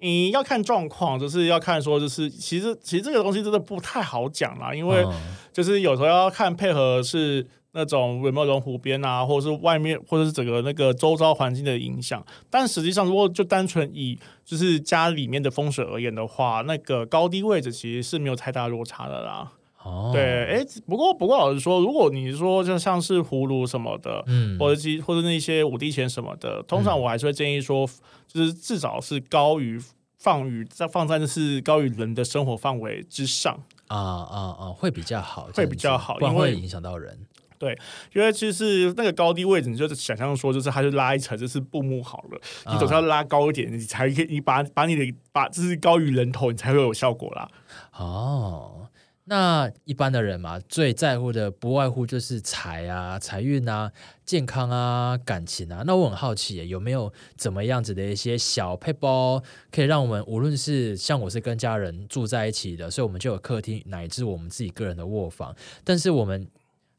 你要看狀況，就是要看說，就是其實其實這個東西真的不太好講啦，因為就是有時候要看配合是那種有沒有龍湖邊啊，或者是外面，或者是整個那個周遭環境的影響。但實際上，如果就單純以就是家裡面的風水而言的話，那個高低位置其實是沒有太大落差的啦。哦，oh. 對，哎，不過不過老實說，如果你說就像是葫蘆什麼的，嗯，或者或或者那些五帝錢什麼的，通常我還是會建議說，嗯、就是至少是高於放於在放在就是高於人的生活範圍之上啊啊啊，uh, uh, uh, 會比較好，會比較好，因為會影響到人。對，因為其實是那個高低位置，你就想象說，就是它就拉一層，就是布幕好了，uh. 你總是要拉高一點，你才可以，你把把你的把就是高於人頭，你才會有效果啦。哦。Oh. 那一般的人嘛，最在乎的不外乎就是財啊、財運啊、健康啊、感情啊。那我很好奇，有沒有怎麼樣子的一些小撇步可以讓我們，無論是像我是跟家人住在一起的，所以我們就有客廳乃至我們自己個人的臥房，但是我們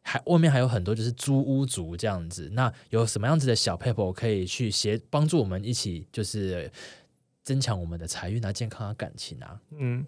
還外面還有很多就是租屋族這樣子。那有什麼樣子的小撇步可以去協幫助我們一起，就是增強我們的財運啊、健康啊、感情啊？嗯。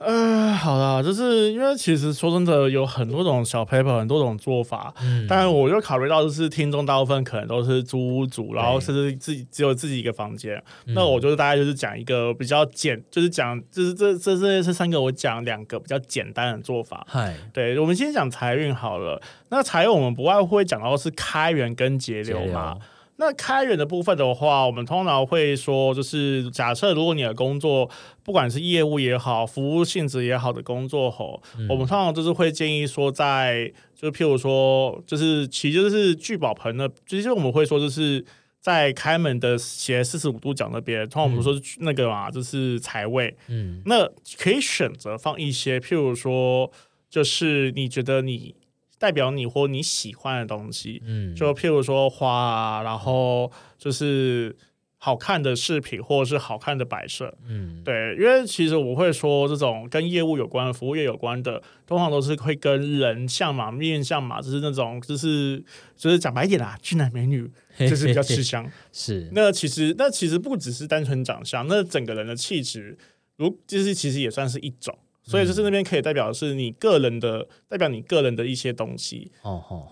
嗯、呃，好了，就是因為其實說真的，有很多種小 paper，很多種做法。嗯，但我就考慮到就是聽眾大部分可能都是租屋族，對然後甚至自己只有自己一個房間。嗯、那我覺得大概就是講一個比較簡，就是講就是這這這這三個我講兩個比較簡單的做法。嘿對，我們先講財運好了。那財運我們不外乎會講到是開源跟節流嘛。那開源的部分的話，我們通常會說，就是假設如果你的工作不管是業務也好，服務性質也好的工作吼，嗯、我們通常就是會建議說在，在就譬如說，就是其實就是聚寶盆的，其實我們會說就是在開門的斜四十五度角那邊，嗯、通常我們說那個嘛，就是財位，嗯，那可以選擇放一些，譬如說，就是你覺得你。代表你或你喜歡的東西，嗯，就譬如說花啊，然後就是好看的飾品或者是好看的擺設，嗯，對，因為其實我會說，這種跟業務有關、服務業有關的，通常都是會跟人像嘛、面相嘛，就是那種，就是就是講白一點啦，啊，俊男美女就是比較吃香。是那其實那其實不只是單純長相，那整個人的氣質，如就是其實也算是一種。所以就是那邊可以代表的是你個人的，代表你個人的一些東西。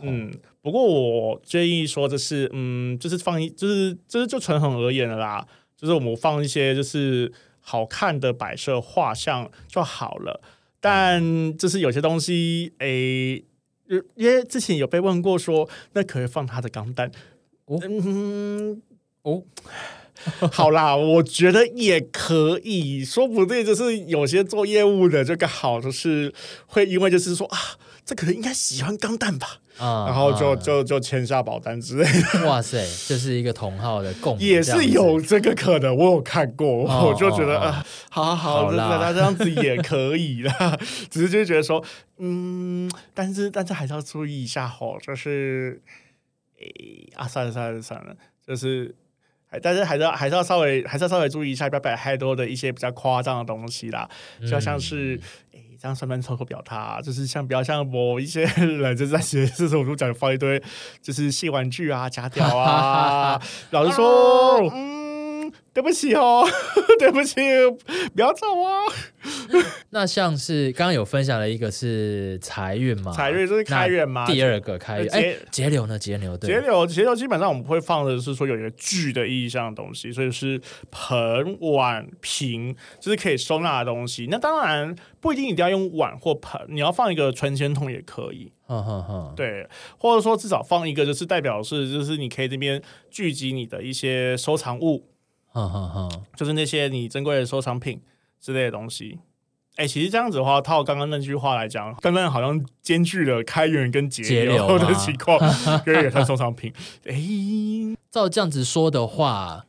嗯。不過我建議說，就是嗯，就是放一，就是就是就純橫而言的啦，就是我們放一些就是好看的擺設、畫像就好了。但就是有些東西，哎，因為之前有被問過說，那可以放他的鋼彈。嗯。哦？哦。 好啦，我覺得也可以說不定，就是有些做業務的這個好，就是會因為就是說啊，這可能應該喜歡鋼彈吧，啊、嗯，然後就、嗯、就就簽下保單之類的。哇塞，這、就是一個同好的共，也是有這個可能。我有看過，哦、我就覺得、哦哦、啊，好，好，好，好啦，就是這樣子也可以啦。 只是就覺得說，嗯，但是但是還是要注意一下、哦，好，就是，哎，啊，算了算了算了，就是。但是還是要還是要稍微還是要稍微注意一下，不要擺太多的一些比較誇張的東西啦，就像是哎、嗯欸，這樣上算抽算考表，達、啊，就是像比較像某一些人就在寫，時候，我如講放一堆就是性玩具啊、假屌啊， 老實說。啊嗯對不起哦，對不起，不要走哦 那像是剛剛有分享了一個是財運嘛，財運就是開源嘛，第二個開源。就哎、節節流呢？節流，對，節流節流基本上我們不會放的是說有一個聚的意義上的東西，所以是盆碗瓶，就是可以收納的東西。那當然不一定一定要用碗或盆，你要放一個存錢筒也可以。哦哦、對，或者說至少放一個，就是代表是，就是你可以這邊聚集你的一些收藏物。哈哼哼，oh, oh, oh. 就是那些你珍貴的收藏品之類的東西。哎、欸，其實這樣子的話，套剛剛那句話來講，剛剛好像兼具了開源跟節流的情況，也算收藏品。哎、 欸，照這樣子說的話，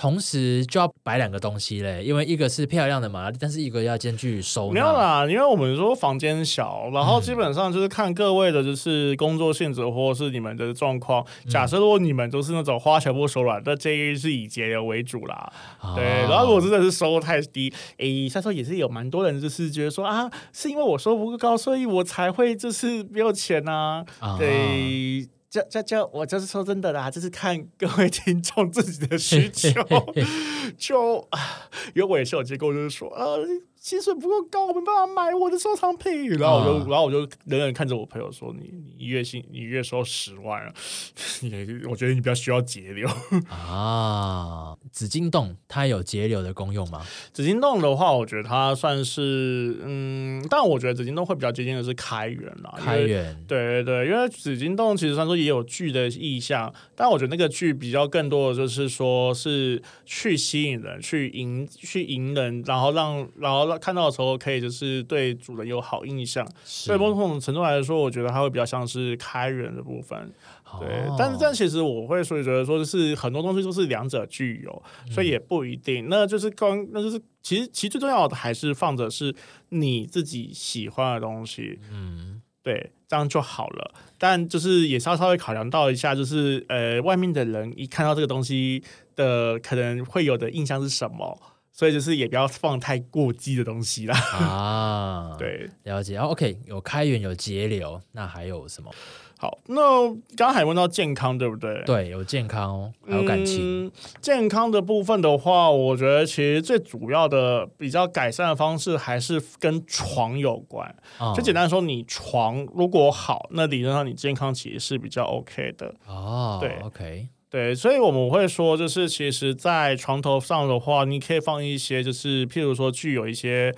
同時就要擺兩個東西嘞，因為一個是漂亮的嘛，但是一個要兼具收納沒有啦，因為我們說房間小，然後基本上就是看各位的就是工作性質、嗯、或是你們的狀況。假設如果你們都是那種花錢不手軟，嗯、那建議是以節流為主啦。對，哦、然後如果真的是收入太低，誒，雖然說也是有蠻多人就是覺得說啊，是因為我收不夠高，所以我才會就是沒有錢吶、啊。嗯、對。嗯就就就，我就是說真的啦，就是看各位聽眾自己的需求， 就，啊、因為我也是有機構，就是說，啊薪水不夠高，我沒辦法買我的收藏品。然後我就，啊、然後我就冷冷看着我朋友說：“你你一月薪，你月收十萬啊。我覺得你比較需要節流啊。紫洞”紫晶洞它有節流的功用嗎？紫晶洞的話，我覺得它算是嗯，但我覺得紫晶洞會比較接近的是開源啦。開源，對對對，因為紫晶洞其實算說也有聚的意象，但我覺得那個聚比較更多的就是說是去吸引人，去引去引人，然後讓然後。看到的時候，可以就是對主人有好印象，所以某種程度來說，我覺得它會比較像是開人的部分。對，但是但其實我會所以覺得說，就是很多東西都是兩者具有，所以也不一定。那就是剛，那就是其實其實最重要的還是放着是你自己喜歡的東西，嗯，對，這樣就好了。但就是也稍稍微考量到一下，就是呃，外面的人一看到這個東西的可能會有的印象是什麼。所以就是也不要放太過激的東西啦。啊， 對，了解、Oh, OK，有開源有節流，那還有什麼？好，那剛剛還問到健康，對不對？對，有健康哦，還有感情、嗯。健康的部分的話，我覺得其實最主要的比較改善的方式還是跟床有關。嗯、就簡單說，你床如果好，那理論上你健康其實是比較 OK 的。哦，對，OK。對，所以我們會說，就是其實在床頭上的話，你可以放一些，就是譬如說具有一些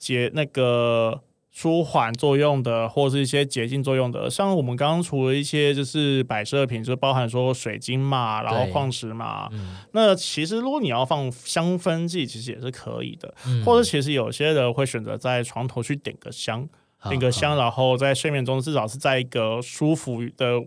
潔，那個舒緩作用的，或是一些潔淨作用的。像我們剛剛除了一些就是擺設品，就包含說水晶嘛，然後礦石嘛。那其實如果你要放香氛劑，其實也是可以的。或者其實有些人會選擇在床頭去點個香，點個香，然後在睡眠中至少是在一個舒服的。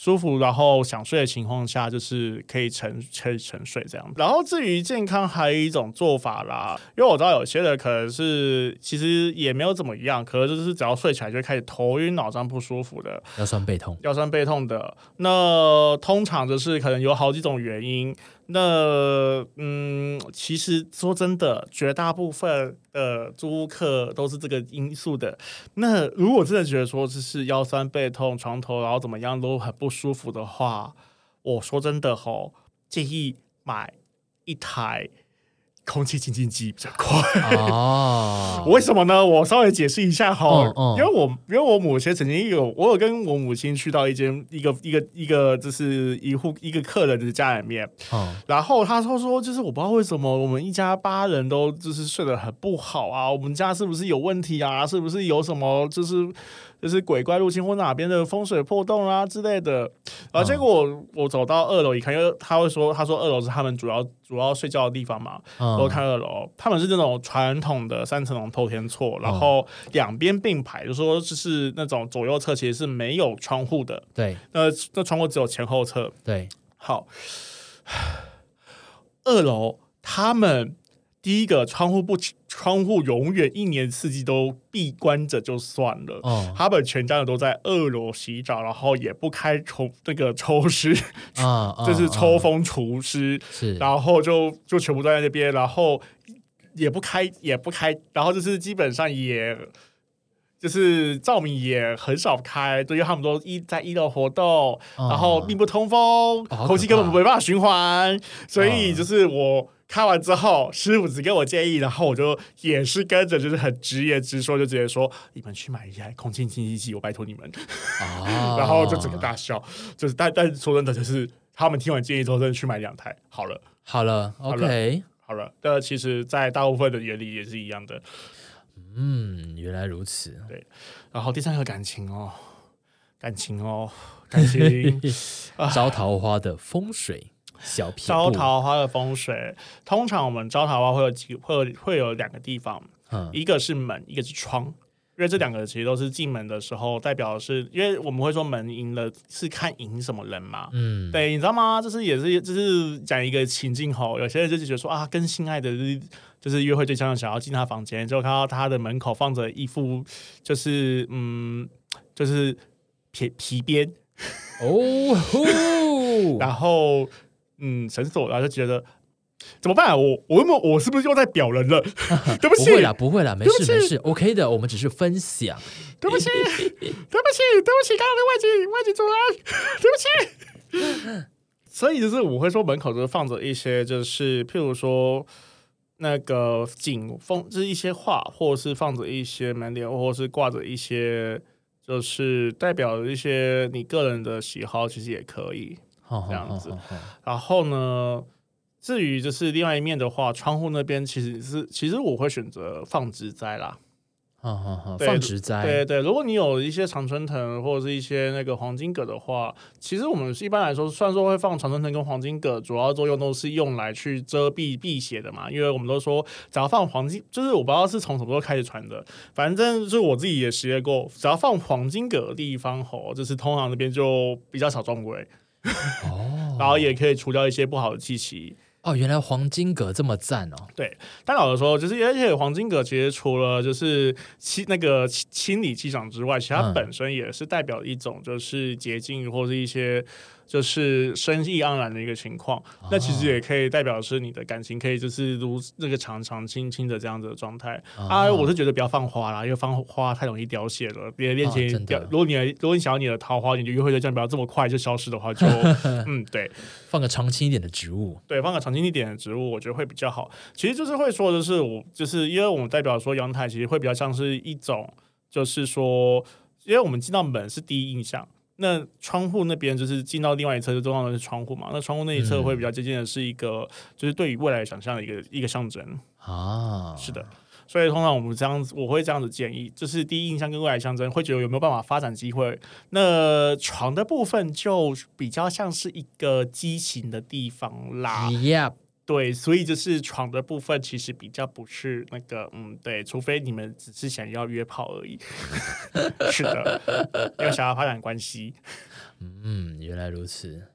舒服，然後想睡的情況下，就是可以沉可以沉睡這樣。然後至於健康，還有一種做法啦，因為我知道有些人可能是其實也沒有怎麼樣，可能就是只要睡起來就開始頭暈腦脹不舒服的，腰酸背痛，腰酸背痛的。那通常就是可能有好幾種原因。那嗯，其實說真的，絕大部分的租客都是這個因素的。那如果真的覺得說這是腰酸背痛，床頭然後怎麼樣都很不舒服的話，我說真的吼，建議買一台。空氣清新劑比較快啊！Oh. 為什麼呢？我稍微解釋一下哈、uh, uh.，因為我因為我母親曾經有，我有跟我母親去到一間一個一個一個，就是一戶一個客人的家裡面，uh. 然後他說說就是我不知道為什麼我們一家八人都就是睡得很不好啊，我們家是不是有問題啊？是不是有什麼就是？就是鬼怪入侵或哪邊的風水破洞啊之類的、啊，然後結果我走到二樓一看，因為他會說，他說二樓是他們主要主要睡覺的地方嘛，我、嗯、看二樓，他們是那種傳統的三層樓透天厝，嗯、然後兩邊併排，就是、說就是那種左右側其實是沒有窗戶的，對，那那窗戶只有前後側，對，好，二樓他們。第一個窗戶不窗戶永遠一年四季都閉關着就算了，哦、他們全家人都在二樓洗澡，然後也不開抽那個抽濕、嗯嗯、 就是抽風除濕，嗯嗯、是、然後就就全部都在那邊，然後也不開也不開，然後就是基本上也就是照明也很少開，對於他們都一在一樓活動，嗯、然後並不通風，哦、空氣根本沒辦法循環，所以就是我。嗯看完之後，師傅只給我建議，然後我就也是跟着，就是很直言直說，就直接說：“你們去買一台空氣清新機，我拜託你們。”啊， 然後就整個大笑，就是但但說真的，就是他們聽完建議之後，真的去買兩台，好了，好了，OK，好了，好了。那其實，在大部分的原理也是一樣的。嗯，原來如此。對，然後第三個感情哦，感情哦，感情，招 桃花的風水。招桃花的風水，通常我們招桃花會有幾個，會有會有兩個地方，嗯、一個是門，一個是窗，因為這兩個其實都是進門的時候代表的是，因為我們會說門迎的是看迎什麼人嘛，嗯，對，你知道嗎？這是也是，就是講一個情境吼、哦，有些人就是覺得說啊，跟心愛的、就是，就是約會對象想要進他房間，就看到他的門口放着一副就是嗯，就是皮皮鞭哦， 然後。嗯，神手然後就覺得怎麼辦？我我我是不是又在表人了？ 對不起，不會啦，不會啦，沒事沒事，沒事，OK 的。我們只是分享。對不起，嘿嘿嘿嘿，對不起，對不起，剛剛的外籍外籍主人， 對不起。 所以就是我會說，門口就是放着一些，就是譬如說那個景風，就是一些畫，或者是放着一些門簾，或者是掛着一些，就是代表一些你個人的喜好，其實也可以。這樣子，然後呢？至於就是另外一面的話，窗戶那邊其實是，其實我會選擇放植栽啦。放植栽，對對、對。如果你有一些常春藤或者是一些那個黃金葛的話，其實我們一般來說，雖然說會放常春藤跟黃金葛，主要作用都是用來去遮蔽避、避邪的嘛。因為我們都說，只要放黃金，就是我不知道是從什麼時候開始傳的，反正就我自己也實驗過，只要放黃金葛的地方吼，就是通常那邊就比較少撞鬼。 哦、然後也可以除掉一些不好的氣息哦。原來黃金葛這麼讚哦。對，但老實說，就是而且黃金葛其實除了就是清那個清理氣場之外，其他本身也是代表一種就是潔淨或是一些。就是生意盎然的一個情況，哦、那其實也可以代表是你的感情，可以就是如那個長長青青的這樣子的狀態。哦、啊，我是覺得不要放花啦，因為放花太容易凋謝了。別、哦、的戀情，如果你如果你想要你的桃花，你的約會對象不要這麼快就消失的話，就呵呵嗯對，對，放個長青一點的植物，對，放個長青一點的植物，我覺得會比較好。其實就是會說的是我，就是因為我們代表說陽台，其實會比較像是一種，就是說，因為我們進到門是第一印象。那窗戶那邊就是進到另外一側，就通常是窗戶嘛。那窗戶那一側會比較接近的是一個，嗯、就是對於未來想象的一個一個象徵啊。是的，所以通常我們這樣子，我會這樣子建議，就是第一印象跟未來象徵，會覺得有沒有辦法發展機會。那床的部分就比較像是一個激情的地方啦。Yeah. 對，所以就是床的部分其實比較不是那個，嗯，對，除非你們只是想要約炮而已， 是的，要想要發展關係，嗯，原來如此。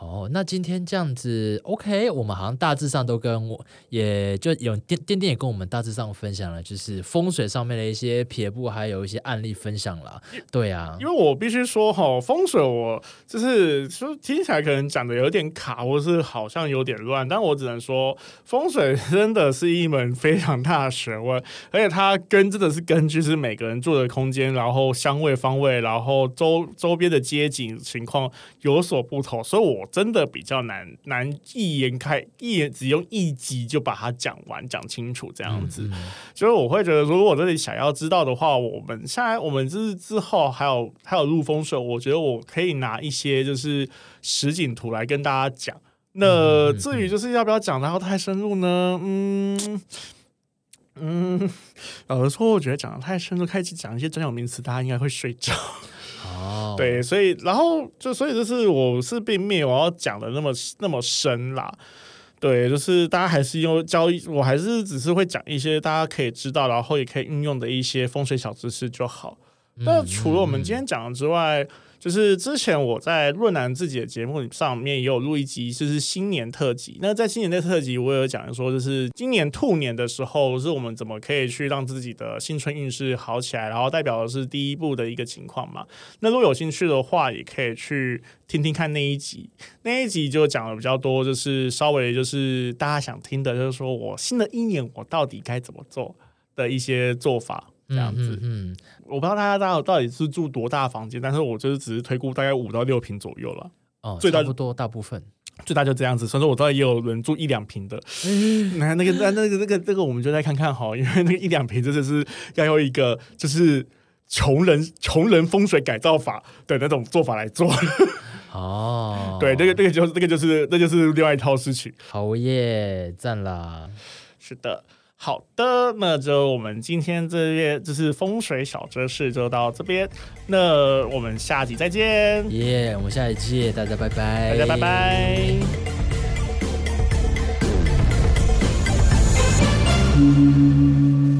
哦，oh, 那今天這樣子，OK，我們好像大致上都跟我，也就有顛顛顛也跟我們大致上分享了，就是風水上面的一些撇步，還有一些案例分享了。為對啊，因為我必須說哈，風水我就是說聽起來可能講的有點卡，或是好像有點亂，但我只能說風水真的是一門非常大的學問，而且它根真的是根據、就是每個人住的空間，然後相位方位，然後周周邊的街景情況有所不同，所以我。真的比較難，難一言開，一言只用一集就把它講完講清楚這樣子，所以、嗯嗯、我會覺得，如果我這裡想要知道的話，我們下來我們就是之後還有還有入風水，我覺得我可以拿一些就是實景圖來跟大家講。那至於就是要不要講得太深入呢？嗯嗯，呃、嗯，老實說我覺得講得太深入，開始講一些專有名詞，大家應該會睡着。Wow. 對，所以然後就所以就是我是並沒有要講的那麼那麼深啦，對，就是大家還是用交易，我還是只是會講一些大家可以知道，然後也可以運用的一些風水小知識就好。那、mm hmm. 除了我們今天講的之外。就是之前我在潤南自己的節目上面也有錄一集，就是新年特輯。那在新年的特輯，我有講說，就是今年兔年的時候，是我們怎麼可以去讓自己的新春運勢好起來，然後代表的是第一步的一個情況嘛。那如果有興趣的話，也可以去聽聽看那一集。那一集就講的比較多，就是稍微就是大家想聽的，就是說我新的一年我到底該怎麼做的一些做法。這樣子，嗯哼哼，我不知道大家到到底是住多大房間，但是我就是只是推估大概五到六坪左右了，哦，最大不多大部分，最大就這樣子，所以說我當然也有人住一兩坪的，那、嗯、哼那個那那個那個這、那個那個我們就再看看好，因為那個一兩坪真的是要用一個就是窮人窮人風水改造法的那種做法來做 哦，對，那個那個就那個就是那個就是那個、就是另外一套事情，好耶，讚了，是的。好的，那就我們今天這頁就是風水小知識，就到這邊。那我們下集再見。耶，yeah, 我們下集見，大家拜拜。大家拜拜。